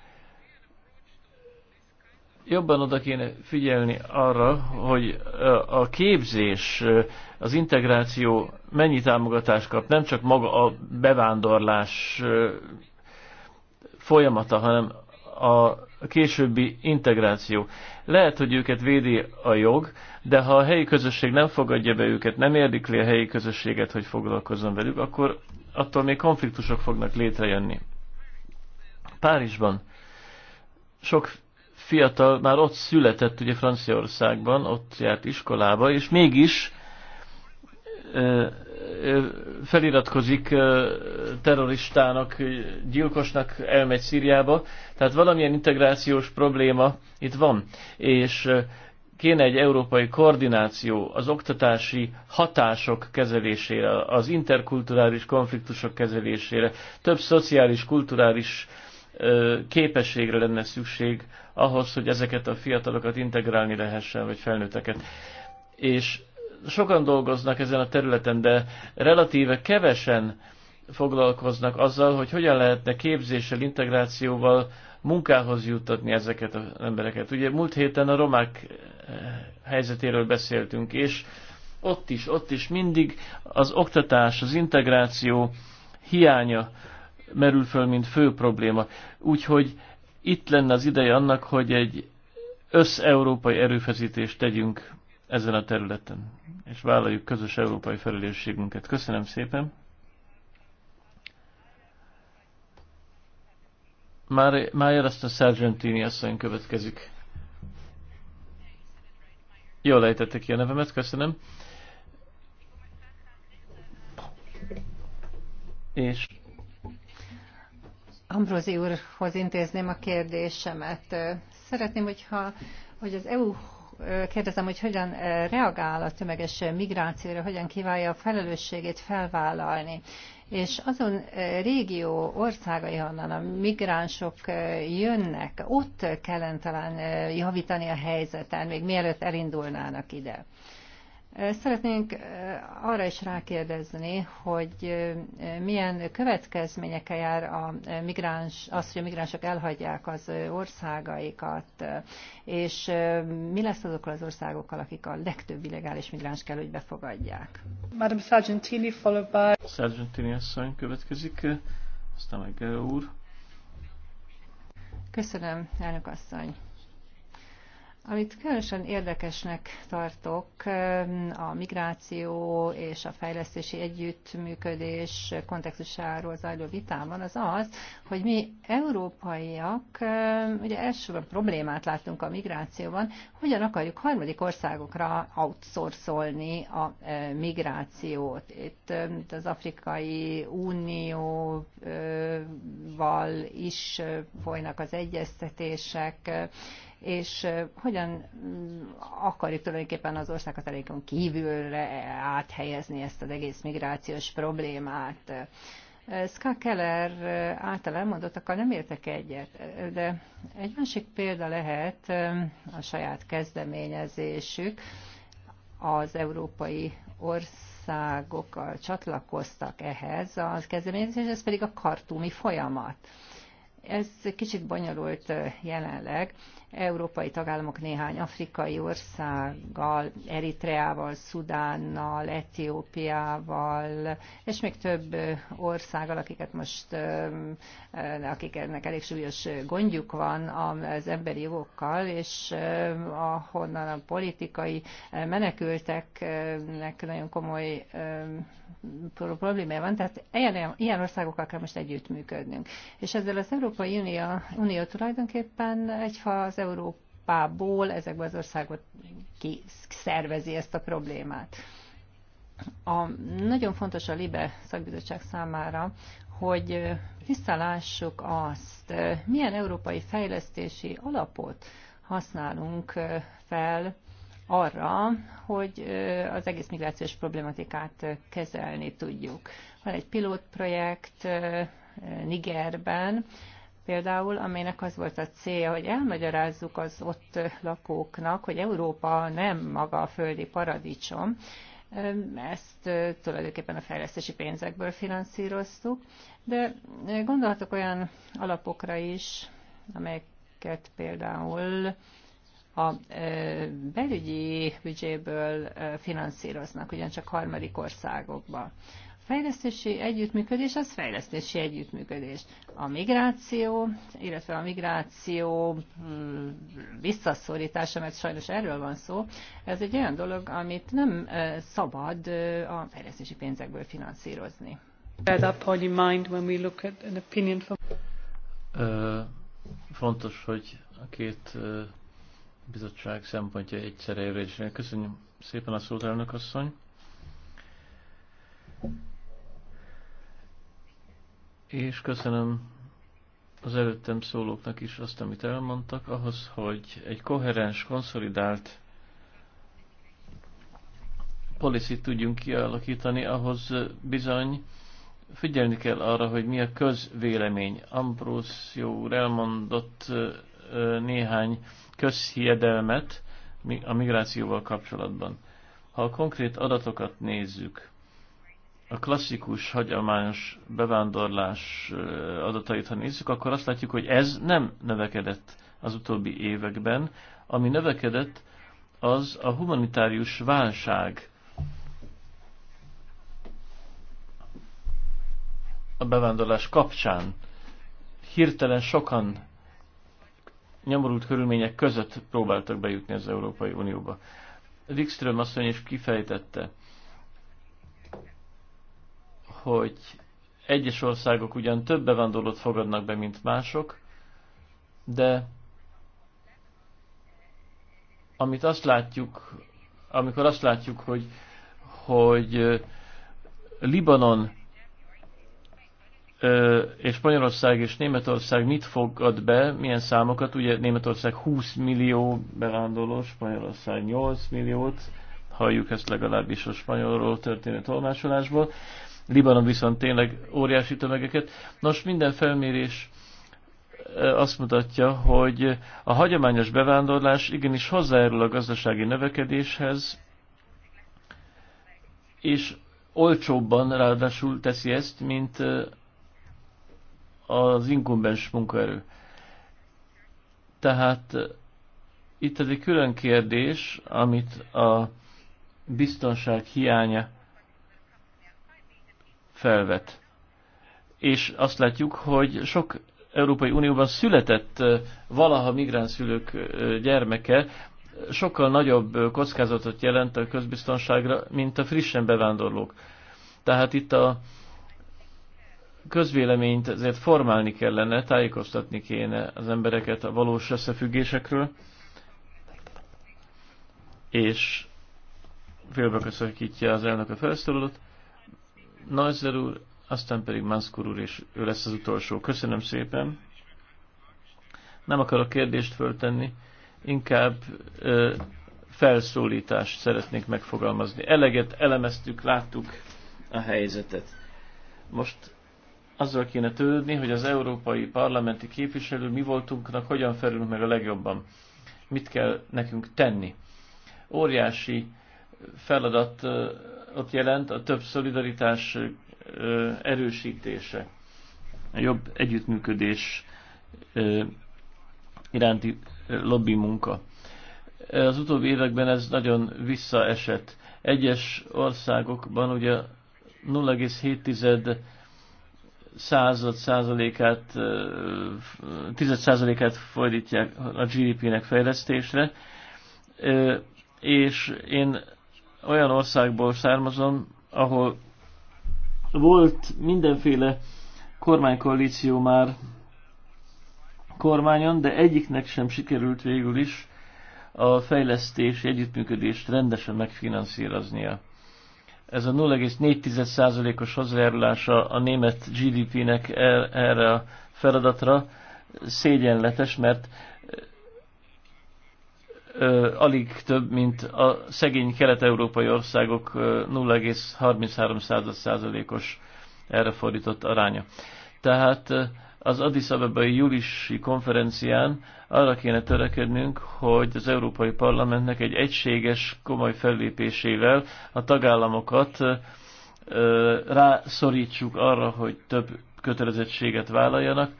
Jobban oda kéne figyelni arra, hogy a képzés, az integráció mennyi támogatást kap, nem csak maga a bevándorlás folyamata, hanem a későbbi integráció. Lehet, hogy őket védi a jog, de ha a helyi közösség nem fogadja be őket, nem érdikli a helyi közösséget, hogy foglalkozzon velük, akkor attól még konfliktusok fognak létrejönni. Párizsban sok fiatal már ott született, ugye Franciaországban, ott járt iskolába, és mégis feliratkozik terroristának, gyilkosnak, elmegy Szíriába. Tehát valamilyen integrációs probléma itt van. És kéne egy európai koordináció az oktatási hatások kezelésére, az interkulturális konfliktusok kezelésére, több szociális, kulturális képességre lenne szükség ahhoz, hogy ezeket a fiatalokat integrálni lehessen, vagy felnőtteket. És sokan dolgoznak ezen a területen, de relatíve kevesen foglalkoznak azzal, hogy hogyan lehetne képzéssel, integrációval munkához juttatni ezeket az embereket. Ugye múlt héten a romák eh, helyzetéről beszéltünk, és ott is, ott is mindig az oktatás, az integráció hiánya merül föl, mint fő probléma. Úgyhogy itt lenne az ideje annak, hogy egy össze-európai erőfeszítést tegyünk ezen a területen, és vállaljuk közös európai felelősségünket. Köszönöm szépen! Már, már ezt a Sargentini asszony következik. Jól lejtette ki a nevemet, köszönöm. És... Ambrózi úrhoz intézném a kérdésemet. Szeretném, hogyha hogy az EU kérdezem, hogy hogyan eh, reagál a tömeges migrációra, hogyan kívánja a felelősségét felvállalni és azon régió országai, ahonnan a migránsok jönnek, ott kellene talán javítani a helyzeten, még mielőtt elindulnának ide. Szeretnénk arra is rákérdezni, hogy milyen következményekkel jár a migráns, az, hogy a migránsok elhagyják az országaikat, és mi lesz azokkal az országokkal, akik a legtöbb illegális migráns kell, hogy befogadják. Madam Sargentini, followed by... Sargentini asszony következik, aztán meg úr. Köszönöm, elnök asszony. Amit különösen érdekesnek tartok, a migráció és a fejlesztési együttműködés kontextusáról zajló vitában, az az, hogy mi európaiak ugye elsőben problémát látunk a migrációban, hogyan akarjuk harmadik országokra outsourcolni a migrációt. Itt, itt az Afrikai Unióval is folynak az egyeztetések, és hogyan mm, akarjuk tulajdonképpen az országhatárékon kívülre áthelyezni ezt az egész migrációs problémát. Ska Keller által elmondottakkal nem értek egyet, de egy másik példa lehet a saját kezdeményezésük. Az európai országok csatlakoztak ehhez az kezdeményezéshez, ez pedig a kartumi folyamat. Ez kicsit bonyolult jelenleg, európai tagállamok néhány afrikai országgal, Eritreával, Szudánnal, Etiópiával, és még több országgal, akiket most, akiknek elég súlyos gondjuk van az emberi jogokkal, és ahonnan a politikai menekülteknek nagyon komoly problémája van, tehát ilyen, ilyen országokkal kell most együttműködnünk. És ezzel az Európai Unió, Unió tulajdonképpen egyfajta az Európából ezekbe az országot ki szervezi ezt a problémát. A, nagyon fontos a LIBE szakbizottság számára, hogy visszalássuk azt, milyen európai fejlesztési alapot használunk fel arra, hogy az egész migrációs problématikát kezelni tudjuk. Van egy pilotprojekt Nigerben, például, amelynek az volt a célja, hogy elmagyarázzuk az ott lakóknak, hogy Európa nem maga a földi paradicsom, ezt tulajdonképpen a fejlesztési pénzekből finanszíroztuk, de gondolhatok olyan alapokra is, amelyeket például a belügyi büdzséből finanszíroznak, ugyancsak harmadik országokba fejlesztési együttműködés az fejlesztési együttműködés. A migráció, illetve a migráció hmm, visszaszorítása, mert sajnos erről van szó, ez egy olyan dolog, amit nem szabad a fejlesztési pénzekből finanszírozni. fontos, hogy a két bizottság szempontja egyszerre érvényesülnek. Köszönöm szépen a szót, elnök asszony. Thank you és köszönöm az előttem szólóknak is azt, amit elmondtak, ahhoz, hogy egy koherens, konszolidált policy tudjunk kialakítani, ahhoz bizony figyelni kell arra, hogy mi a közvélemény. jó úr elmondott néhány közhiedelmet a migrációval kapcsolatban. Ha a konkrét adatokat nézzük, a klasszikus, hagyományos bevándorlás adatait, ha nézzük, akkor azt látjuk, hogy ez nem növekedett az utóbbi években. Ami növekedett, az a humanitárius válság a bevándorlás kapcsán. Hirtelen sokan nyomorult körülmények között próbáltak bejutni az Európai Unióba. Wikström mondja, és kifejtette, hogy egyes országok ugyan több bevándorlót fogadnak be, mint mások, de amit azt látjuk, amikor azt látjuk, hogy, hogy Libanon és Spanyolország és Németország mit fogad be, milyen számokat, ugye Németország 20 millió bevándorló, Spanyolország 8 milliót, halljuk ezt legalábbis a spanyolról történő tolmásolásból. Libanon viszont tényleg óriási tömegeket. Nos, minden felmérés azt mutatja, hogy a hagyományos bevándorlás igenis hozzájárul a gazdasági növekedéshez, és olcsóbban ráadásul teszi ezt, mint az inkubens munkaerő. Tehát itt ez egy külön kérdés, amit a biztonság hiánya felvet. És azt látjuk, hogy sok Európai Unióban született valaha migránszülők gyermeke sokkal nagyobb kockázatot jelent a közbiztonságra, mint a frissen bevándorlók. Tehát itt a közvéleményt ezért formálni kellene, tájékoztatni kéne az embereket a valós összefüggésekről, és félbeközökítje az elnök a felszólalót. Neuser úr, aztán pedig Manszkur úr, és ő lesz az utolsó. Köszönöm szépen. Nem akarok kérdést föltenni, inkább ö, felszólítást szeretnék megfogalmazni. Eleget elemeztük, láttuk a helyzetet. Most azzal kéne törődni, hogy az európai parlamenti képviselő mi voltunknak hogyan felülünk meg a legjobban. Mit kell nekünk tenni. Óriási feladat ott jelent a több szolidaritás erősítése, a jobb együttműködés iránti lobby munka. Az utóbbi években ez nagyon visszaesett. Egyes országokban ugye 0,7 század százalékát, 10 százalékát fordítják a GDP-nek fejlesztésre, és én olyan országból származom, ahol volt mindenféle kormánykoalíció már kormányon, de egyiknek sem sikerült végül is a fejlesztés, együttműködést rendesen megfinanszíroznia. Ez a 0,4%-os hozzájárulása a német GDP-nek er-, erre a feladatra szégyenletes, mert alig több, mint a szegény kelet-európai országok 0,33%-os erre fordított aránya. Tehát az Addis Abebai júliusi konferencián arra kéne törekednünk, hogy az Európai Parlamentnek egy egységes, komoly fellépésével a tagállamokat rászorítsuk arra, hogy több kötelezettséget vállaljanak.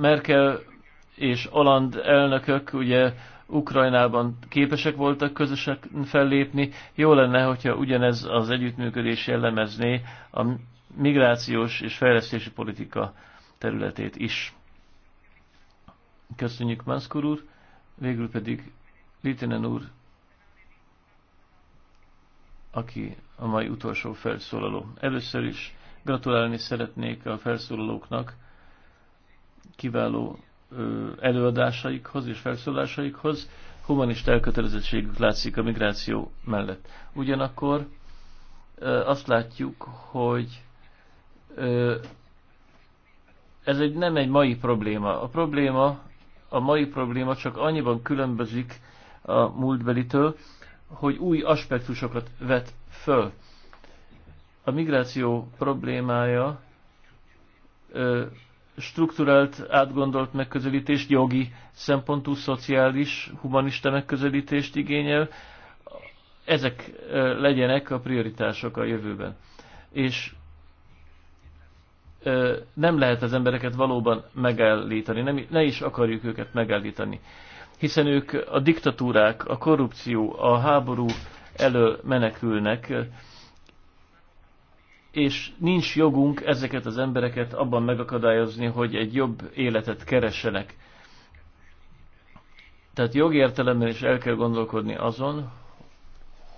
Merkel és Oland elnökök ugye Ukrajnában képesek voltak közösen fellépni. Jó lenne, hogyha ugyanez az együttműködés jellemezné a migrációs és fejlesztési politika területét is. Köszönjük Manszkur úr, végül pedig Litinen úr, aki a mai utolsó felszólaló. Először is gratulálni szeretnék a felszólalóknak, kiváló előadásaikhoz és felszólásaikhoz humanista elkötelezettségük látszik a migráció mellett. Ugyanakkor azt látjuk, hogy ez egy, nem egy mai probléma. A probléma, a mai probléma csak annyiban különbözik a múltbelitől, hogy új aspektusokat vet föl. A migráció problémája strukturált, átgondolt megközelítést, jogi szempontú, szociális, humanista megközelítést igényel. Ezek legyenek a prioritások a jövőben. És nem lehet az embereket valóban megállítani, nem, ne is akarjuk őket megállítani, hiszen ők a diktatúrák, a korrupció, a háború elől menekülnek, és nincs jogunk ezeket az embereket abban megakadályozni, hogy egy jobb életet keressenek. Tehát jogértelemben is el kell gondolkodni azon,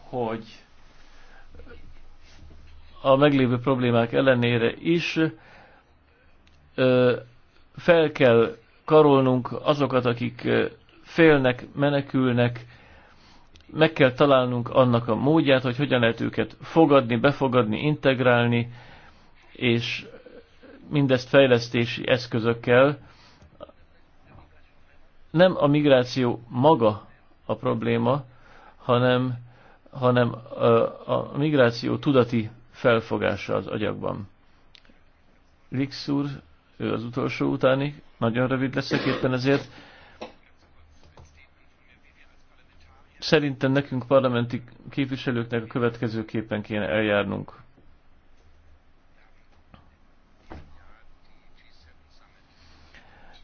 hogy a meglévő problémák ellenére is ö, fel kell karolnunk azokat, akik félnek, menekülnek, meg kell találnunk annak a módját, hogy hogyan lehet őket fogadni, befogadni, integrálni, és mindezt fejlesztési eszközökkel. Nem a migráció maga a probléma, hanem, hanem a, a migráció tudati felfogása az agyakban. Rix úr, ő az utolsó utáni, nagyon rövid leszek éppen ezért Szerintem nekünk parlamenti képviselőknek a következőképpen kéne eljárnunk.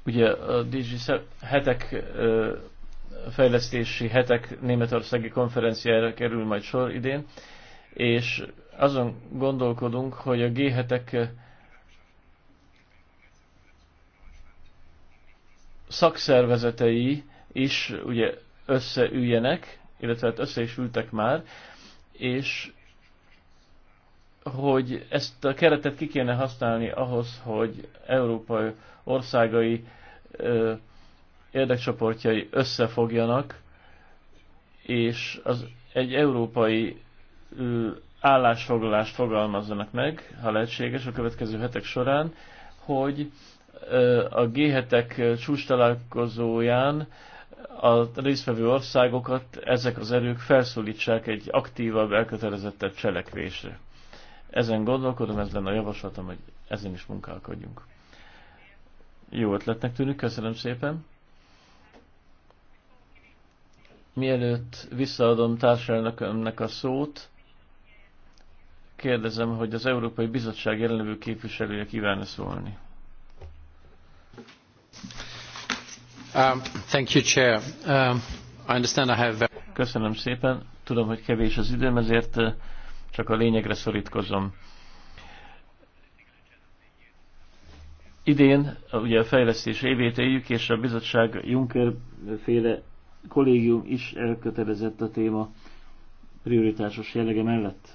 Ugye a DG hetek fejlesztési hetek németországi konferenciára kerül majd sor idén, és azon gondolkodunk, hogy a g hetek szakszervezetei is ugye összeüljenek, illetve hát össze is ültek már, és hogy ezt a keretet ki kéne használni ahhoz, hogy európai országai ö, érdekcsoportjai összefogjanak, és az egy európai ö, állásfoglalást fogalmazzanak meg, ha lehetséges, a következő hetek során, hogy ö, a G7-ek csúcs találkozóján a résztvevő országokat ezek az erők felszólítsák egy aktívabb, elkötelezettebb cselekvésre. Ezen gondolkodom, ez lenne a javaslatom, hogy ezen is munkálkodjunk. Jó ötletnek tűnik, köszönöm szépen. Mielőtt visszaadom társelnökömnek a szót, kérdezem, hogy az Európai Bizottság jelenlevő képviselője kívánna szólni. Köszönöm szépen. Tudom, hogy kevés az időm, ezért uh, csak a lényegre szorítkozom. Idén uh, ugye a fejlesztés évét éljük, és a bizottság Juncker féle kollégium is elkötelezett a téma prioritásos jellege mellett.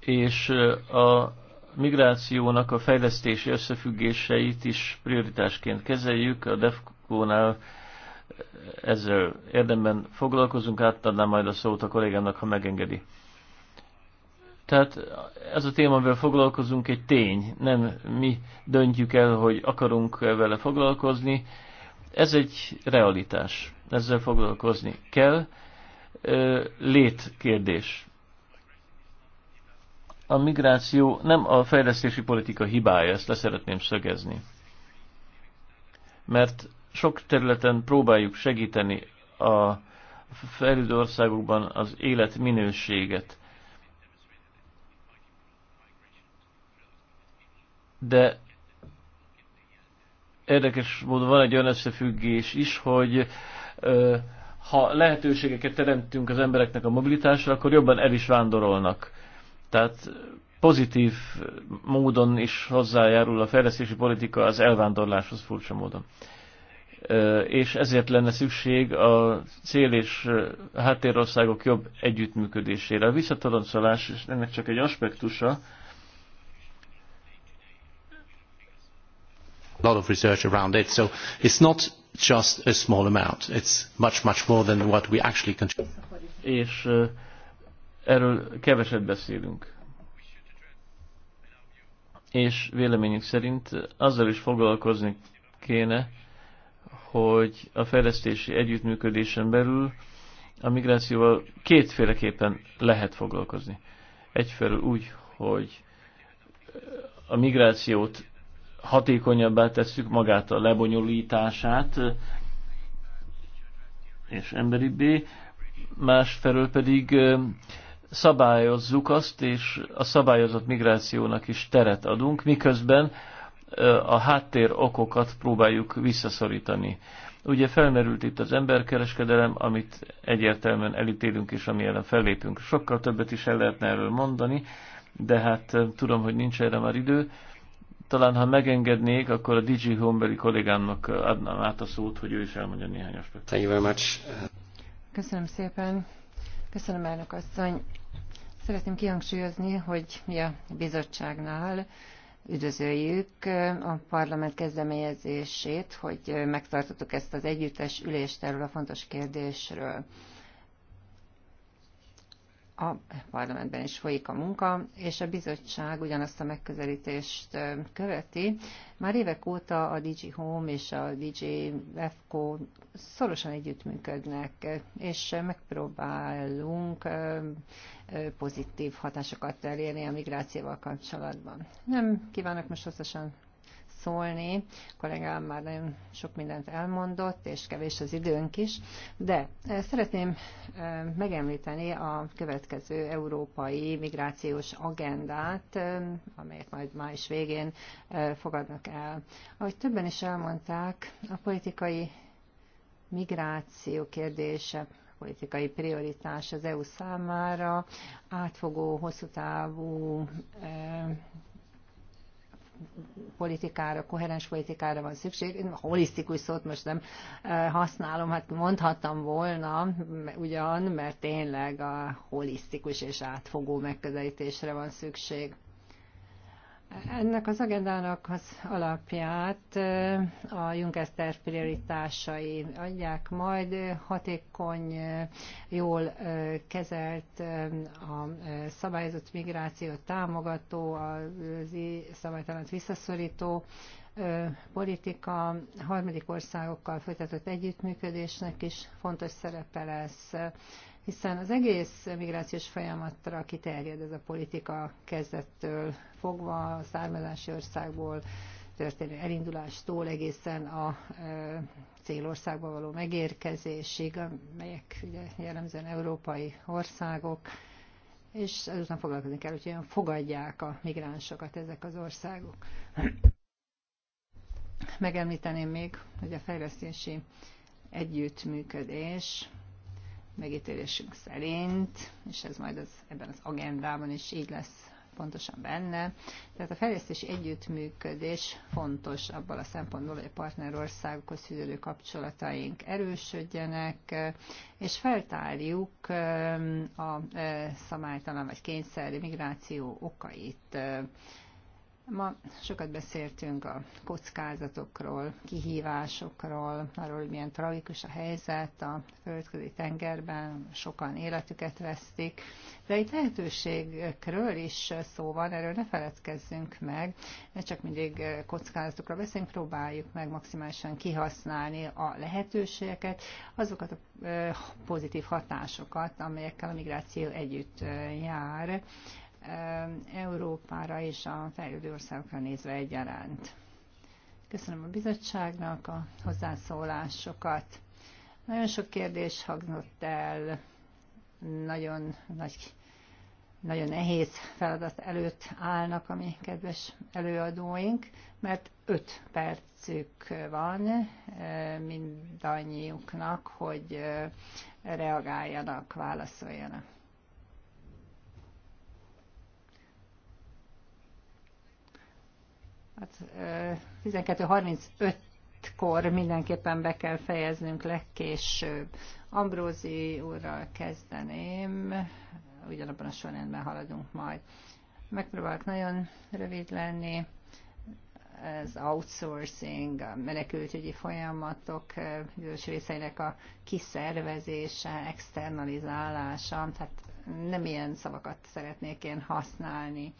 És uh, a migrációnak a fejlesztési összefüggéseit is prioritásként kezeljük. A DEFCO-nál ezzel érdemben foglalkozunk, átadnám majd a szót a kollégámnak, ha megengedi. Tehát ez a téma, amivel foglalkozunk, egy tény. Nem mi döntjük el, hogy akarunk -e vele foglalkozni. Ez egy realitás. Ezzel foglalkozni kell. Létkérdés a migráció nem a fejlesztési politika hibája, ezt leszeretném szögezni. Mert sok területen próbáljuk segíteni a fejlődő országokban az élet minőséget. De érdekes módon van egy olyan összefüggés is, hogy ö, ha lehetőségeket teremtünk az embereknek a mobilitásra, akkor jobban el is vándorolnak tehát pozitív módon is hozzájárul a fejlesztési politika az elvándorláshoz furcsa módon. És ezért lenne szükség a cél és háttérországok jobb együttműködésére. A visszatoloncolás, és ennek csak egy aspektusa, a lot of research around it, so it's not just a small amount, it's much, much more than what we actually contribute. És Erről keveset beszélünk. És véleményünk szerint azzal is foglalkozni kéne, hogy a fejlesztési együttműködésen belül a migrációval kétféleképpen lehet foglalkozni. Egyfelől úgy, hogy a migrációt hatékonyabbá tesszük magát a lebonyolítását, és emberibbé, másfelől pedig szabályozzuk azt, és a szabályozott migrációnak is teret adunk, miközben a háttér okokat próbáljuk visszaszorítani. Ugye felmerült itt az emberkereskedelem, amit egyértelműen elítélünk és ami ellen fellépünk. Sokkal többet is el lehetne erről mondani, de hát tudom, hogy nincs erre már idő. Talán, ha megengednék, akkor a DJ Homebeli kollégámnak adnám át a szót, hogy ő is elmondja néhány aspektust. Köszönöm szépen. Köszönöm, elnök asszony. Szeretném kihangsúlyozni, hogy mi a bizottságnál üdvözöljük a parlament kezdeményezését, hogy megtartottuk ezt az együttes ülést erről a fontos kérdésről. A parlamentben is folyik a munka, és a bizottság ugyanazt a megközelítést követi. Már évek óta a DG Home és a DG FCO szorosan együttműködnek, és megpróbálunk pozitív hatásokat elérni a migrációval kapcsolatban. Nem kívánok most hosszasan szólni, a kollégám már nagyon sok mindent elmondott, és kevés az időnk is, de szeretném megemlíteni a következő európai migrációs agendát, amelyet majd május végén fogadnak el. Ahogy többen is elmondták, a politikai migráció kérdése politikai prioritás az EU számára, átfogó, hosszú távú politikára, koherens politikára van szükség. Én holisztikus szót most nem használom, hát mondhattam volna ugyan, mert tényleg a holisztikus és átfogó megközelítésre van szükség. Ennek az agendának az alapját a Junkers terv prioritásai adják majd hatékony, jól kezelt a szabályozott migrációt támogató, az szabálytalant visszaszorító politika, harmadik országokkal folytatott együttműködésnek is fontos szerepe lesz hiszen az egész migrációs folyamatra kiterjed ez a politika kezdettől fogva, a származási országból történő elindulástól egészen a e, célországba való megérkezésig, amelyek ugye jellemzően európai országok, és ezután foglalkozni kell, hogy olyan fogadják a migránsokat ezek az országok. Megemlíteném még, hogy a fejlesztési együttműködés megítélésünk szerint, és ez majd az, ebben az agendában is így lesz pontosan benne. Tehát a fejlesztési együttműködés fontos abban a szempontból, hogy a partnerországokhoz fűződő kapcsolataink erősödjenek, és feltárjuk a szamálytalan vagy kényszerű migráció okait Ma sokat beszéltünk a kockázatokról, kihívásokról, arról, hogy milyen tragikus a helyzet a földközi tengerben, sokan életüket vesztik, de itt lehetőségekről is szó van, erről ne feledkezzünk meg, ne csak mindig kockázatokról beszélünk, próbáljuk meg maximálisan kihasználni a lehetőségeket, azokat a pozitív hatásokat, amelyekkel a migráció együtt jár Európára és a fejlődő országokra nézve egyaránt. Köszönöm a bizottságnak a hozzászólásokat. Nagyon sok kérdés hangzott el, nagyon nagy nagyon nehéz feladat előtt állnak a mi kedves előadóink, mert öt percük van mindannyiuknak, hogy reagáljanak, válaszoljanak. Hát 12.35-kor mindenképpen be kell fejeznünk legkésőbb. Ambrózi úrral kezdeném, ugyanabban a sorrendben haladunk majd. Megpróbálok nagyon rövid lenni. Az outsourcing, a menekültügyi folyamatok bizonyos részeinek a kiszervezése, externalizálása, tehát nem ilyen szavakat szeretnék én használni. Uh,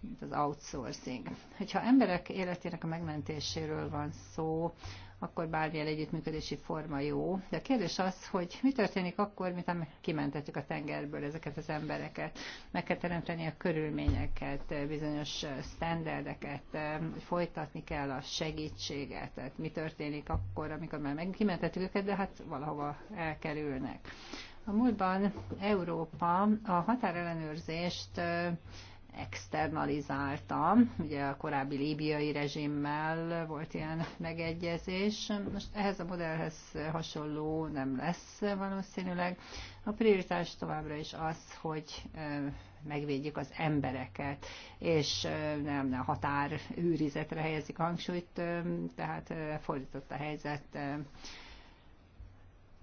mint az outsourcing. Hogyha emberek életének a megmentéséről van szó, akkor bármilyen együttműködési forma jó. De a kérdés az, hogy mi történik akkor, miután kimentettük a tengerből ezeket az embereket. Meg kell teremteni a körülményeket, bizonyos standardeket, hogy folytatni kell a segítséget. Tehát mi történik akkor, amikor már meg kimentettük őket, de hát valahova elkerülnek. A múltban Európa a határellenőrzést externalizáltam, ugye a korábbi líbiai rezsimmel volt ilyen megegyezés. Most ehhez a modellhez hasonló nem lesz valószínűleg. A prioritás továbbra is az, hogy megvédjük az embereket, és nem a határ őrizetre helyezik hangsúlyt, tehát fordított a helyzet,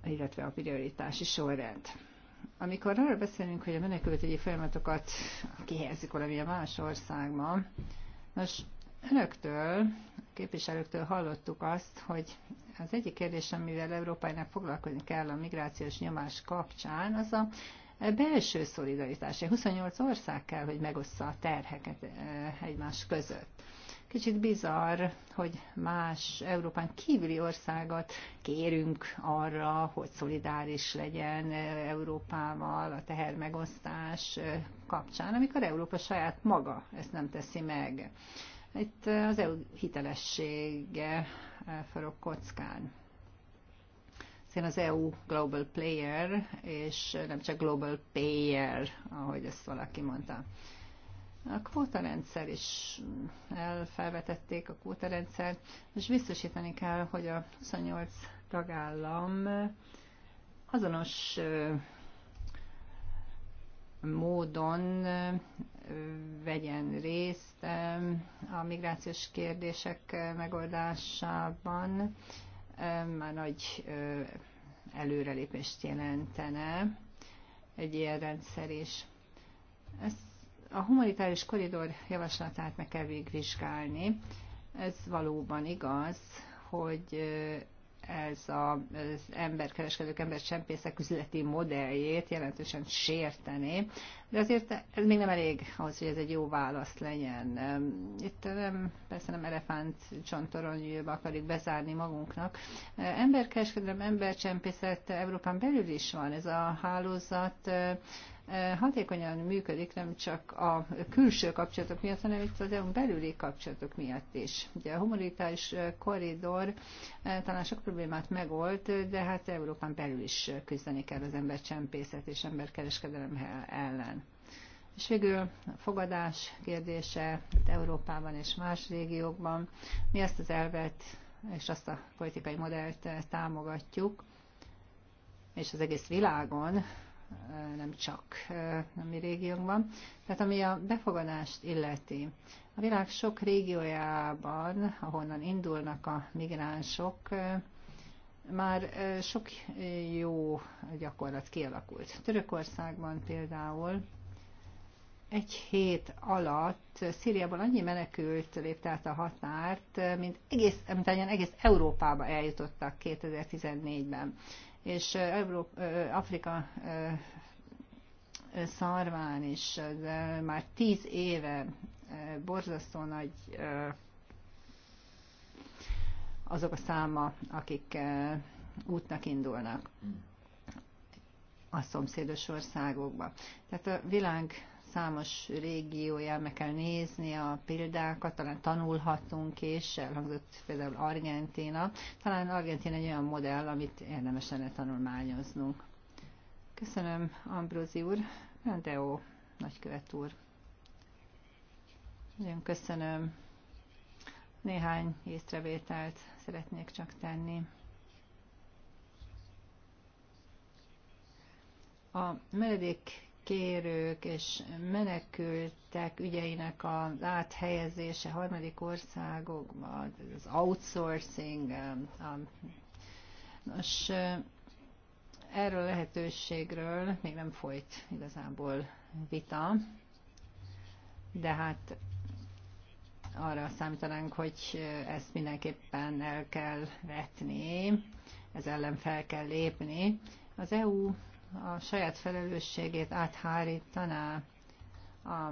illetve a prioritási sorrend amikor arra beszélünk, hogy a menekültügyi folyamatokat kihelyezik valamilyen más országban, nos, önöktől, a képviselőktől hallottuk azt, hogy az egyik kérdés, amivel Európának foglalkozni kell a migrációs nyomás kapcsán, az a belső szolidaritás. 28 ország kell, hogy megossza a terheket eh, egymás között. Kicsit bizarr, hogy más Európán kívüli országot kérünk arra, hogy szolidáris legyen Európával a tehermegosztás kapcsán, amikor Európa saját maga ezt nem teszi meg. Itt az EU hitelessége forog kockán hiszen az EU global player, és nem csak global payer, ahogy ezt valaki mondta. A kvótarendszer is elfelvetették a kvótarendszert, és biztosítani kell, hogy a 28 tagállam azonos módon vegyen részt a migrációs kérdések megoldásában, már nagy előrelépést jelentene egy ilyen rendszer is. Ezt a humanitárius koridor javaslatát meg kell végvizsgálni. Ez valóban igaz, hogy ez az emberkereskedők, embercsempészek üzleti modelljét jelentősen sértené, de azért ez még nem elég ahhoz, hogy ez egy jó válasz legyen. Itt nem, persze nem elefánt csontoronyűbe akarjuk bezárni magunknak. Emberkereskedelem, embercsempészet Európán belül is van. Ez a hálózat hatékonyan működik nem csak a külső kapcsolatok miatt, hanem itt az EU belüli kapcsolatok miatt is. Ugye a humanitáris korridor talán sok problémát megold, de hát Európán belül is küzdeni kell az embercsempészet és emberkereskedelem ellen. És végül a fogadás kérdése itt Európában és más régiókban. Mi ezt az elvet és azt a politikai modellt támogatjuk, és az egész világon nem csak a mi régiónkban. Tehát ami a befogadást illeti, a világ sok régiójában, ahonnan indulnak a migránsok, már sok jó gyakorlat kialakult. Törökországban például egy hét alatt Szíriából annyi menekült lépte át a határt, mint egész, mint egész Európába eljutottak 2014-ben és Európa, Afrika szarván is már tíz éve borzasztó nagy azok a száma, akik útnak indulnak hmm. a szomszédos országokba. Tehát a világ számos régióján meg kell nézni a példákat, talán tanulhatunk és elhangzott például Argentina. Talán Argentina egy olyan modell, amit érdemes lenne tanulmányoznunk. Köszönöm, Ambrózi úr. Rendeó nagykövet úr. Nagyon köszönöm. Néhány észrevételt szeretnék csak tenni. A meredék kérők és menekültek ügyeinek a áthelyezése harmadik országokba, az outsourcing, nos, erről a lehetőségről még nem folyt igazából vita, de hát arra számítanánk, hogy ezt mindenképpen el kell vetni, ez ellen fel kell lépni. Az EU a saját felelősségét áthárítaná a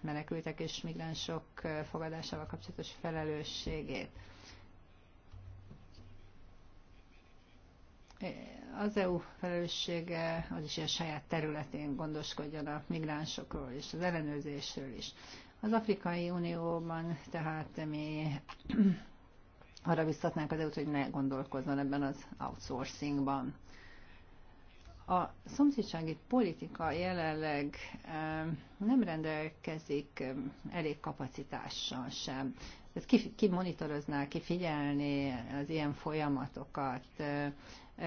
menekültek és migránsok fogadásával kapcsolatos felelősségét. Az EU felelőssége az is, hogy a saját területén gondoskodjon a migránsokról és az ellenőrzésről is. Az Afrikai Unióban tehát mi *clears throat* arra biztatnánk az EU-t, hogy ne gondolkozzon ebben az outsourcingban. A szomszédsági politika jelenleg nem rendelkezik elég kapacitással sem. Tehát ki, ki monitorozná, ki figyelni az ilyen folyamatokat,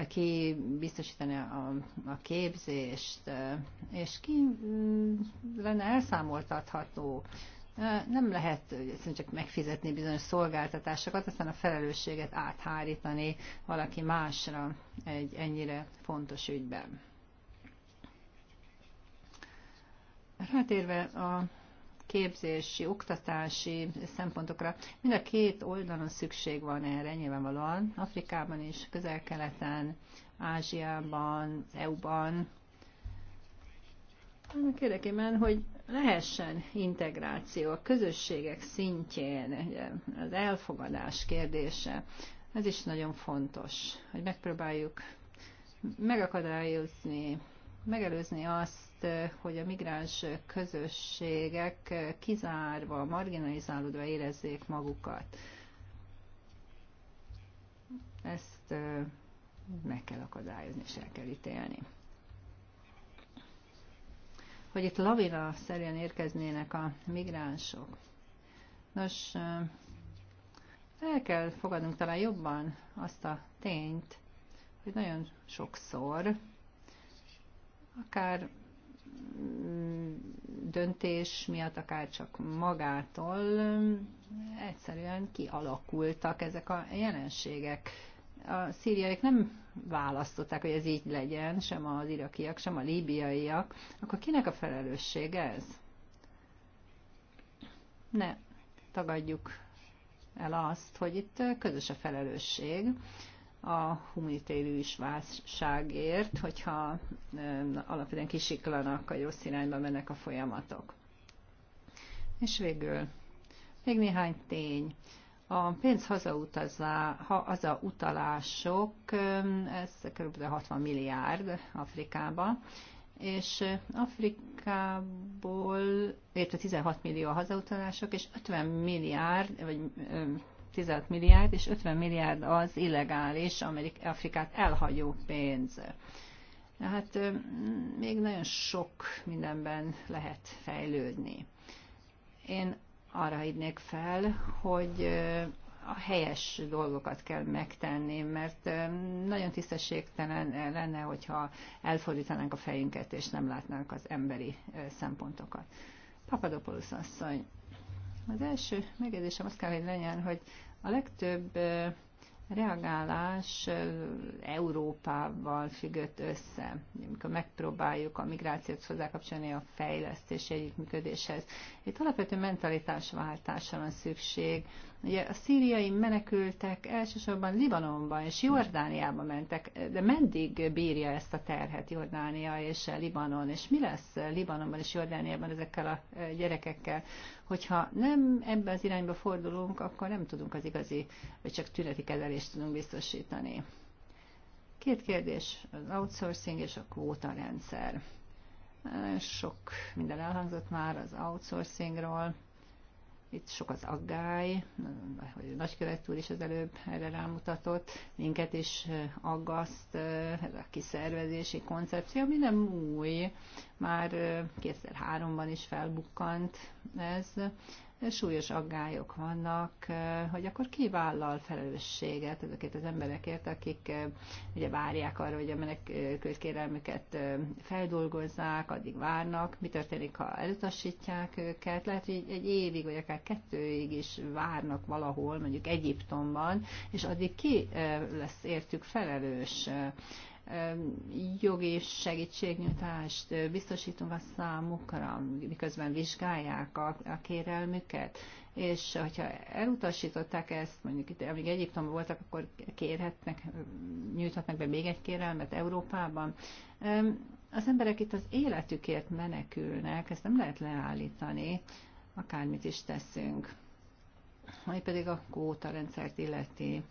ki biztosítani a, a képzést, és ki mm, lenne elszámoltatható nem lehet egyszerűen csak megfizetni bizonyos szolgáltatásokat, aztán a felelősséget áthárítani valaki másra egy ennyire fontos ügyben. Rátérve a képzési, oktatási szempontokra, mind a két oldalon szükség van erre nyilvánvalóan, Afrikában is, közel-keleten, Ázsiában, EU-ban, annak érdekében, hogy lehessen integráció a közösségek szintjén, ugye, az elfogadás kérdése, ez is nagyon fontos, hogy megpróbáljuk megakadályozni, megelőzni azt, hogy a migráns közösségek kizárva, marginalizálódva érezzék magukat. Ezt meg kell akadályozni és el kell ítélni hogy itt lavina szerűen érkeznének a migránsok. Nos, el kell fogadnunk talán jobban azt a tényt, hogy nagyon sokszor, akár mm, döntés miatt, akár csak magától egyszerűen kialakultak ezek a jelenségek. A szíriaiak nem választották, hogy ez így legyen, sem az irakiak, sem a líbiaiak, akkor kinek a felelőssége ez? Ne tagadjuk el azt, hogy itt közös a felelősség a humanitérű is válságért, hogyha alapvetően kisiklanak, vagy rossz irányba mennek a folyamatok. És végül még néhány tény. A pénz hazautazá, hazautalások, ez kb. 60 milliárd Afrikába, és Afrikából, érte 16 millió a hazautalások, és 50 milliárd, vagy 16 milliárd, és 50 milliárd az illegális Amerik- Afrikát elhagyó pénz. Hát még nagyon sok mindenben lehet fejlődni. Én arra hívnék fel, hogy a helyes dolgokat kell megtenni, mert nagyon tisztességtelen lenne, hogyha elfordítanánk a fejünket, és nem látnánk az emberi szempontokat. Papadopoulos asszony, az első megjegyzésem azt kell, hogy legyen, hogy a legtöbb reagálás Európával függött össze, amikor megpróbáljuk a migrációt hozzákapcsolni a fejlesztés együttműködéshez. Itt alapvető mentalitásváltásra van szükség, Ugye a szíriai menekültek elsősorban Libanonba és Jordániában mentek, de meddig bírja ezt a terhet Jordánia és Libanon, és mi lesz Libanonban és Jordániában ezekkel a e, gyerekekkel? Hogyha nem ebbe az irányba fordulunk, akkor nem tudunk az igazi, vagy csak tüneti kezelést tudunk biztosítani. Két kérdés, az outsourcing és a kvóta rendszer. Sok minden elhangzott már az outsourcingról itt sok az aggály, hogy Nagykövet úr is az előbb erre rámutatott, minket is aggaszt ez a kiszervezési koncepció, ami nem új, már 2003-ban is felbukkant ez, súlyos aggályok vannak, eh, hogy akkor ki vállal felelősséget ezeket az emberekért, akik eh, ugye várják arra, hogy a menekült kérelmüket eh, feldolgozzák, addig várnak, mi történik, ha elutasítják őket, lehet, hogy egy évig, vagy akár kettőig is várnak valahol, mondjuk Egyiptomban, és addig ki lesz értük felelős jogi segítségnyújtást biztosítunk a számukra, miközben vizsgálják a, a kérelmüket, és hogyha elutasították ezt, mondjuk itt, amíg Egyiptomban voltak, akkor kérhetnek, nyújthatnak be még egy kérelmet Európában. Az emberek itt az életükért menekülnek, ezt nem lehet leállítani, akármit is teszünk. Ami pedig a kóta rendszert illeti,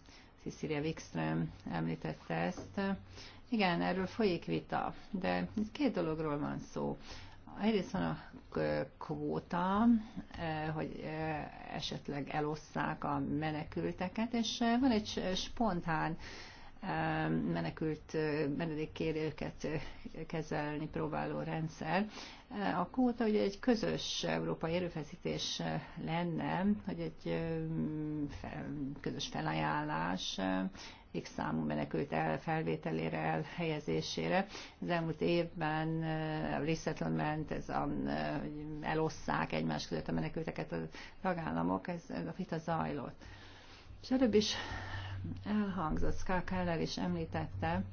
Cecilia Wikström említette ezt. Igen, erről folyik vita, de két dologról van szó. Egyrészt van a kvóta, eh, hogy eh, esetleg elosszák a menekülteket, és eh, van egy spontán menekült menedékkérőket kezelni próbáló rendszer. A kóta ugye egy közös európai erőfeszítés lenne, hogy egy közös felajánlás X számú menekült el, felvételére, elhelyezésére. Az elmúlt évben eh, a resettlement, ez a, eh, hogy elosszák egymás között a menekülteket a tagállamok, ez, ez a vita zajlott. És előbb is elhangzott, Scott Keller is említette,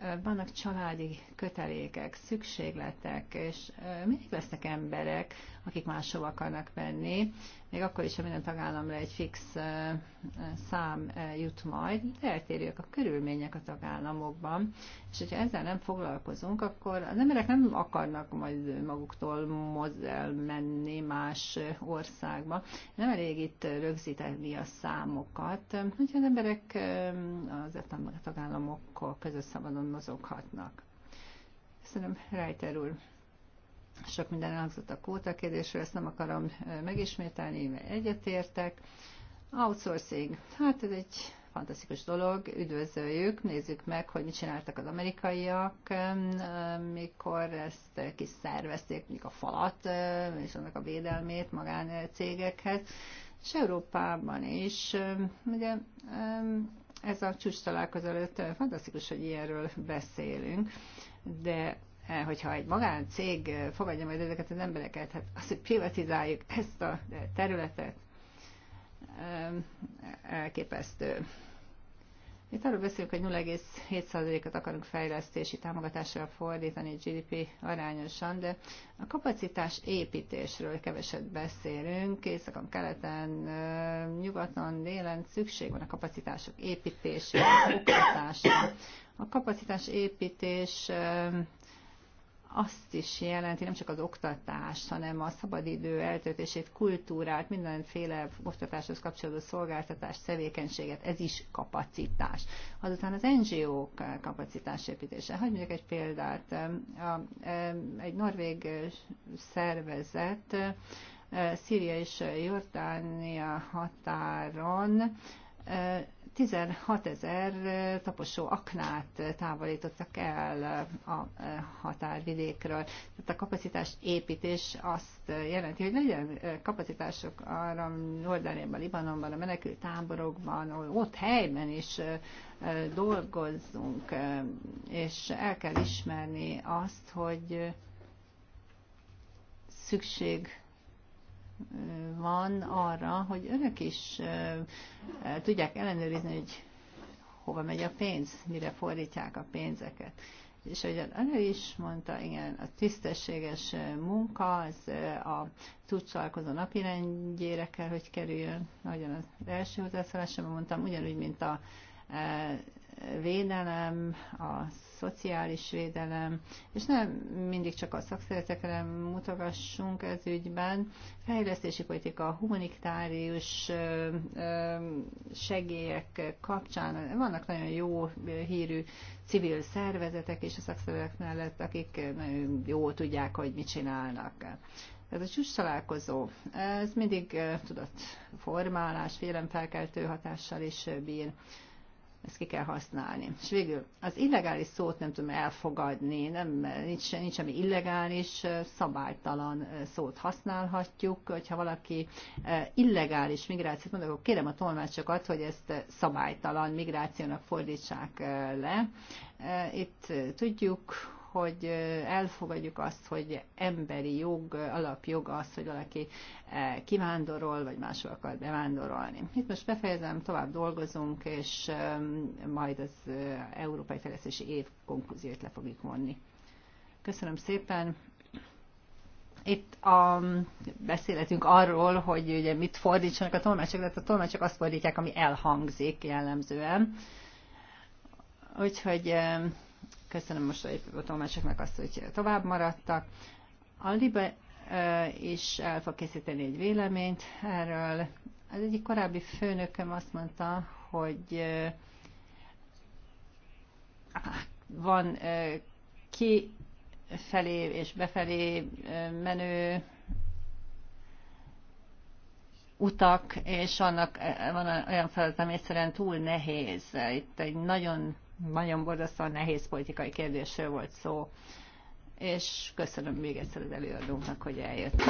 eh, vannak családi kötelékek, szükségletek, és mindig lesznek emberek, akik máshova akarnak menni. Még akkor is, ha minden tagállamra egy fix szám jut majd, eltérjük a körülmények a tagállamokban, és hogyha ezzel nem foglalkozunk, akkor az emberek nem akarnak majd maguktól mozel menni más országba. Nem elég itt rögzíteni a számokat, hogyha az emberek az tagállamok között szabadon mozoghatnak. Köszönöm, Reiter úr. Sok minden elhangzott a kóta kérdésről, ezt nem akarom megismételni, mert egyetértek. Outsourcing. Hát ez egy fantasztikus dolog, üdvözöljük, nézzük meg, hogy mit csináltak az amerikaiak, mikor ezt kiszervezték, mondjuk a falat és annak a védelmét magáncégekhez, és Európában is. Ugye ez a csúcs találkozó előtt fantasztikus, hogy ilyenről beszélünk, de Eh, hogyha egy magáncég eh, fogadja majd ezeket az embereket, hát az, hogy privatizáljuk ezt a eh, területet, elképesztő. Itt arról beszélünk, hogy 07 ot akarunk fejlesztési támogatásra fordítani GDP arányosan, de a kapacitás építésről keveset beszélünk. Északon, keleten, nyugaton, délen szükség van a kapacitások építésére, oktatásra. A kapacitás építés azt is jelenti, nem csak az oktatást, hanem a szabadidő eltöltését, kultúrát, mindenféle oktatáshoz kapcsolódó szolgáltatást, tevékenységet, ez is kapacitás. Azután az NGO-k kapacitásépítése. Hagyj mondjuk egy példát. E, egy norvég szervezet e, Szíria és Jordánia határon e, 16 ezer taposó aknát távolítottak el a határvidékről. Tehát a kapacitás építés azt jelenti, hogy legyen kapacitások arra Jordániában, Libanonban, a menekült táborokban, ott helyben is dolgozzunk, és el kell ismerni azt, hogy szükség van arra, hogy önök is tudják ellenőrizni, hogy hova megy a pénz, mire fordítják a pénzeket. És az elő is mondta, igen, a tisztességes munka, az a tudcsalkozó rendjére kell, hogy kerüljön. nagyon az első hozzászólásomban mondtam, ugyanúgy, mint a védelem, a szociális védelem, és nem mindig csak a szakszeretekre mutogassunk ez ügyben. Fejlesztési politika, humanitárius segélyek kapcsán vannak nagyon jó hírű civil szervezetek és a szakszervezetek mellett, akik nagyon jól tudják, hogy mit csinálnak. Ez a csúcs találkozó, ez mindig tudott formálás, félemfelkeltő hatással is bír ezt ki kell használni. És végül az illegális szót nem tudom elfogadni, nem, nincs, nincs semmi illegális, szabálytalan szót használhatjuk. Hogyha valaki illegális migrációt mond, akkor kérem a tolmácsokat, hogy ezt szabálytalan migrációnak fordítsák le. Itt tudjuk, hogy elfogadjuk azt, hogy emberi jog, alapjog az, hogy valaki kivándorol, vagy máshol akar bevándorolni. Itt most befejezem, tovább dolgozunk, és majd az Európai Fejlesztési Év konklúziót le fogjuk vonni. Köszönöm szépen! Itt a, beszéletünk arról, hogy ugye mit fordítsanak a tolmácsok, de hát a tolmácsok azt fordítják, ami elhangzik jellemzően. Úgyhogy Köszönöm most a tolmácsoknak azt, hogy tovább maradtak. Aldibe is el fog készíteni egy véleményt erről. Az egyik korábbi főnököm azt mondta, hogy van ki felé és befelé menő utak, és annak van olyan feladat, ami egyszerűen túl nehéz. Itt egy nagyon nagyon borzasztóan nehéz politikai kérdésről volt szó, és köszönöm még egyszer az előadónknak, hogy eljött.